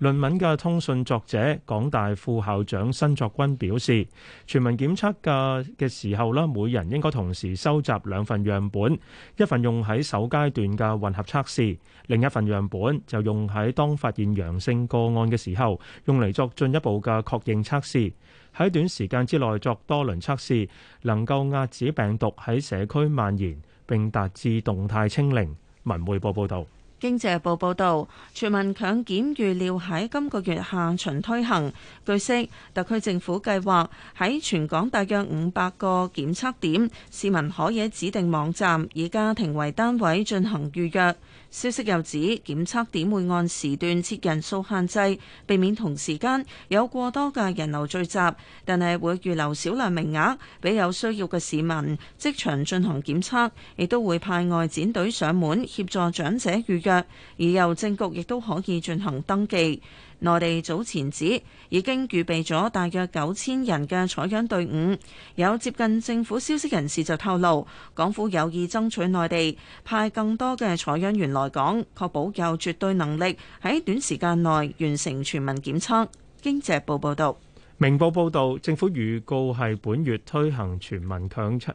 論文嘅通訊作者、港大副校長申作軍表示，全民檢測嘅嘅時候咧，每人應該同時收集兩份樣本，一份用喺首階段嘅混合測試，另一份樣本就用喺當發現陽性個案嘅時候，用嚟作進一步嘅確認測試。喺短時間之內作多輪測試，能夠壓止病毒喺社區蔓延，並達至動態清零。文匯報報道：經濟日報報道，全民強檢預料喺今個月下旬推行。據悉，特區政府計劃喺全港大約五百個檢測點，市民可以喺指定網站以家庭為單位進行預約。消息又指，檢測點會按時段設人數限制，避免同時間有過多嘅人流聚集，但係會預留少量名額俾有需要嘅市民即場進行檢測，亦都會派外展隊上門協助長者預約，而郵政局亦都可以進行登記，內地早前指已經預備咗大約九千人嘅採樣隊伍，有接近政府消息人士就透露，港府有意爭取內地派更多嘅採樣員來。來港，確保有絕對能力喺短時間內完成全民檢測。經濟報報導，明報報導，政府預告係本月推行全民強測，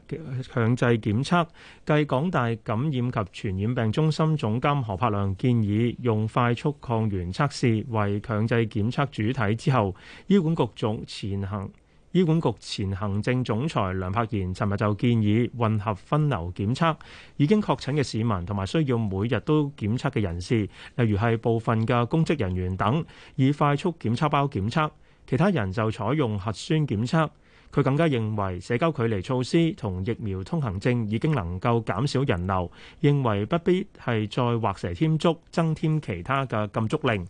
強制檢測。繼港大感染及傳染病中心總監何柏良建議用快速抗原測試為強制檢測主體之後，醫管局總前行。醫管局前行政總裁梁柏賢，尋日就建議混合分流檢測，已經確診嘅市民同埋需要每日都檢測嘅人士，例如係部分嘅公職人員等，以快速檢測包檢測；其他人就採用核酸檢測。佢更加認為社交距離措施同疫苗通行證已經能夠減少人流，認為不必係再畫蛇添足，增添其他嘅禁足令。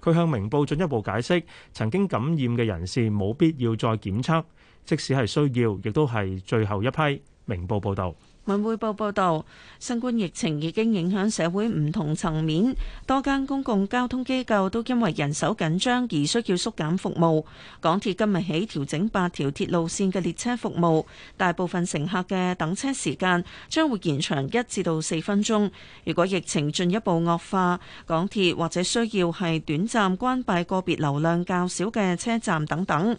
佢向明報進一步解釋，曾經感染嘅人士冇必要再檢測，即使係需要，亦都係最後一批。明報報導。文匯報報道，新冠疫情已經影響社會唔同層面，多間公共交通機構都因為人手緊張而需要縮減服務。港鐵今日起調整八條鐵路線嘅列車服務，大部分乘客嘅等車時間將會延長一至到四分鐘。如果疫情進一步惡化，港鐵或者需要喺短暫關閉個別流量較少嘅車站等等。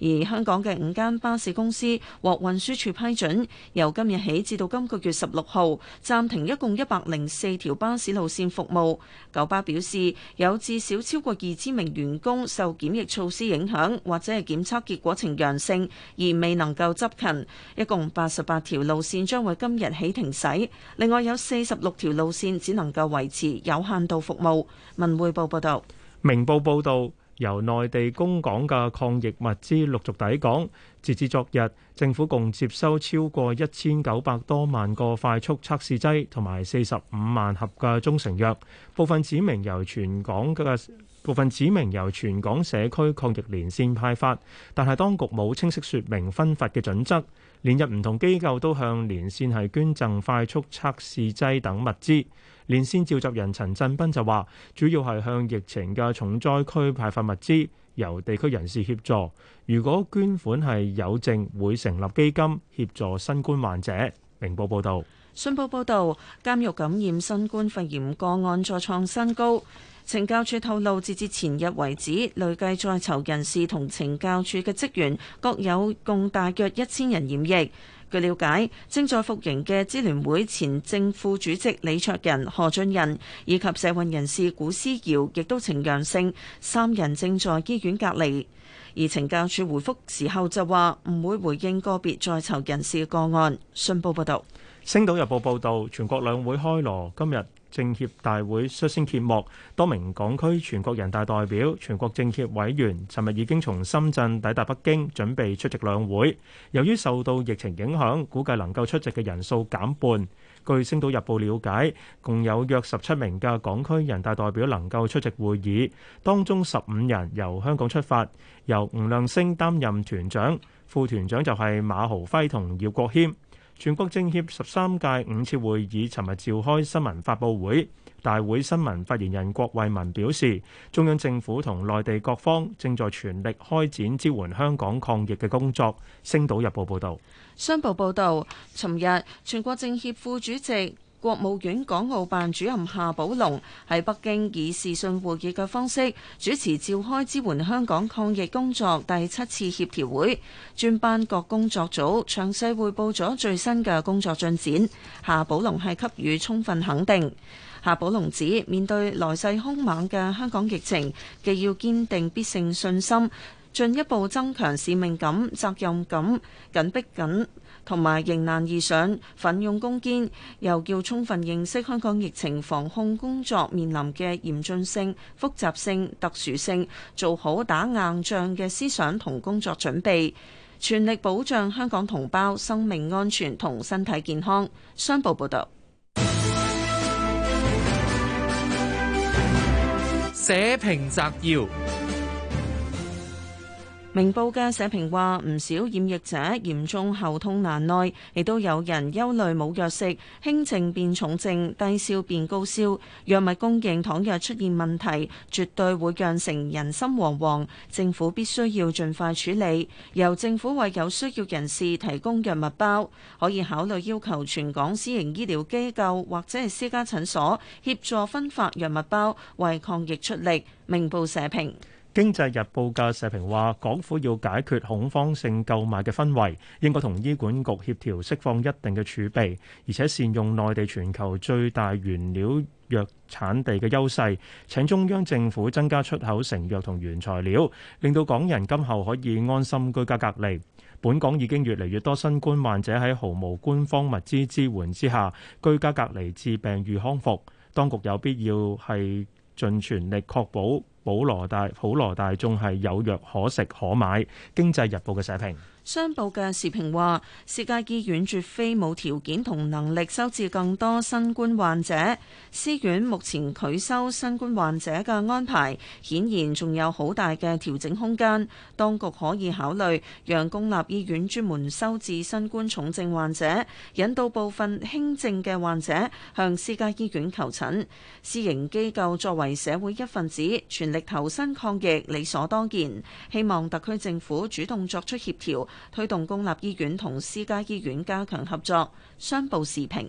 而香港嘅五間巴士公司獲運輸署批准，由今日起至到今個月十六號暫停一共一百零四條巴士路線服務。九巴表示，有至少超過二千名員工受檢疫措施影響，或者係檢測結果呈陽性而未能夠執勤。一共八十八條路線將會今日起停駛，另外有四十六條路線只能夠維持有限度服務。文匯報報道。明報報道。由內地供港嘅抗疫物資陸續抵港，截至昨日，政府共接收超過一千九百多萬個快速測試劑，同埋四十五萬盒嘅中成藥。部分指明由全港嘅部分指明由全港社區抗疫連線派發，但係當局冇清晰説明分發嘅準則。連日唔同機構都向連線係捐贈快速測試劑等物資。連線召集人陳振斌就話：主要係向疫情嘅重災區派發物資，由地區人士協助。如果捐款係有證，會成立基金協助新冠患者。明報報道，信報報道：「監獄感染新冠肺炎個案再創新高。懲教處透露，截至前日為止，累計在囚人士同懲教處嘅職員各有共大約一千人染疫。據了解，正在服刑嘅支聯會前正副主席李卓人、何俊仁以及社運人士古思堯，亦都呈陽性，三人正在醫院隔離。而懲教署回覆時候就話唔會回應個別在囚人士個案。信報報道，《星島日報》報道，全國兩會開羅今日。政協大會率先揭幕，多名港區全國人大代表、全國政協委員，尋日已經從深圳抵達北京，準備出席兩會。由於受到疫情影響，估計能夠出席嘅人數減半。據《星島日報》了解，共有約十七名嘅港區人大代表能夠出席會議，當中十五人由香港出發，由吳亮星擔任團長，副團長就係馬豪輝同姚國謙。全國政協十三屆五次會議尋日召開新聞發佈會，大會新聞發言人郭衛民表示，中央政府同內地各方正在全力開展支援香港抗疫嘅工作。星島日報報道。商報報道：尋日全國政協副主席國務院港澳辦主任夏寶龍喺北京以視訊會議嘅方式主持召開支援香港抗疫工作第七次協調會，專班各工作組詳細匯報咗最新嘅工作進展。夏寶龍係給予充分肯定。夏寶龍指，面對來勢兇猛嘅香港疫情，既要堅定必勝信心，進一步增強使命感、責任感、緊迫感，同埋迎難而上、奮勇攻堅，又要充分認識香港疫情防控工作面臨嘅嚴峻性、複雜性、特殊性，做好打硬仗嘅思想同工作準備，全力保障香港同胞生命安全同身體健康。商報報道：社評摘要。明報嘅社評話，唔少染疫者嚴重喉痛難耐，亦都有人憂慮冇藥食，輕症變重症，低燒變高燒。藥物供應倘若出現問題，絕對會釀成人心惶惶。政府必須要盡快處理，由政府為有需要人士提供藥物包，可以考慮要求全港私營醫療機構或者係私家診所協助分發藥物包，為抗疫出力。明報社評。經濟日報嘅社評話,港府要解決恐慌性購買嘅氛圍,應該同醫管局協調,釋放一定嘅儲備,而且善用內地全球最大原料藥產地嘅優勢,請中央政府增加出口成藥同原材料,令到港人今後可以安心居家隔離。本港已經越嚟越多新冠患者喺毫無官方物資支援之下,居家隔離治病與康復。當局有必要係盡全力確保,普羅大普羅大眾係有藥可食可買，《經濟日報》嘅社評。商報嘅時評話：私家醫院絕非冇條件同能力收治更多新冠患者，私院目前拒收新冠患者嘅安排，顯然仲有好大嘅調整空間。當局可以考慮讓公立醫院專門收治新冠重症患者，引導部分輕症嘅患者向私家醫院求診。私營機構作為社會一分子，全力投身抗疫理所當然，希望特區政府主動作出協調。推動公立醫院同私家醫院加強合作，商報時評。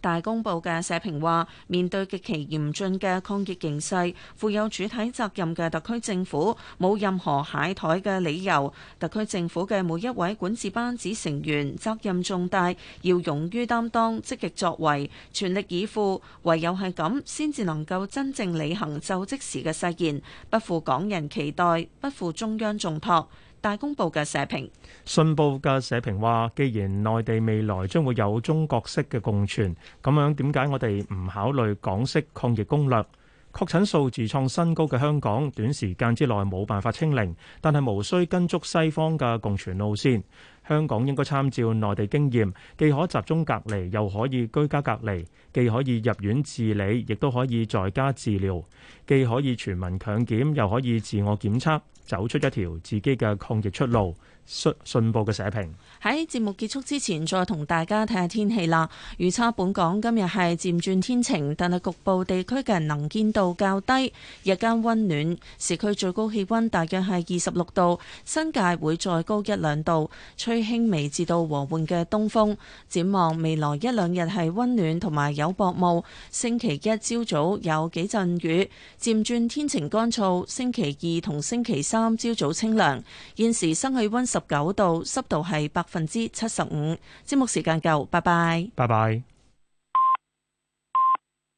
大公報嘅社評話：面對極其嚴峻嘅抗疫形勢，負有主體責任嘅特區政府冇任何懈怠嘅理由。特區政府嘅每一位管治班子成員責任重大，要勇於擔當，積極作為，全力以赴。唯有係咁，先至能夠真正履行就職時嘅誓言，不負港人期待，不負中央重託。大公報嘅社評，信報嘅社評話：「既然內地未來將會有中國式嘅共存，咁樣點解我哋唔考慮港式抗疫攻略？確診數字創新高嘅香港，短時間之內冇辦法清零，但係無需跟足西方嘅共存路線。香港應該參照內地經驗，既可集中隔離，又可以居家隔離；既可以入院治理，亦都可以在家治療；既可以全民強檢，又可以自我檢測，走出一條自己嘅抗疫出路。信信報嘅社評喺節目結束之前，再同大家睇下天氣啦。預測本港今日係漸轉天晴，但係局部地區嘅能見度較低，日間温暖，市區最高氣温大約係二十六度，新界會再高一兩度，吹輕微至到和緩嘅東風。展望未來一兩日係温暖同埋有薄霧，星期一朝早，早有幾陣雨，漸轉天晴乾燥，星期二同星期三朝早，早清涼。現時室氣温十九度，濕度係百分之七十五。節目時間夠，拜拜，拜拜。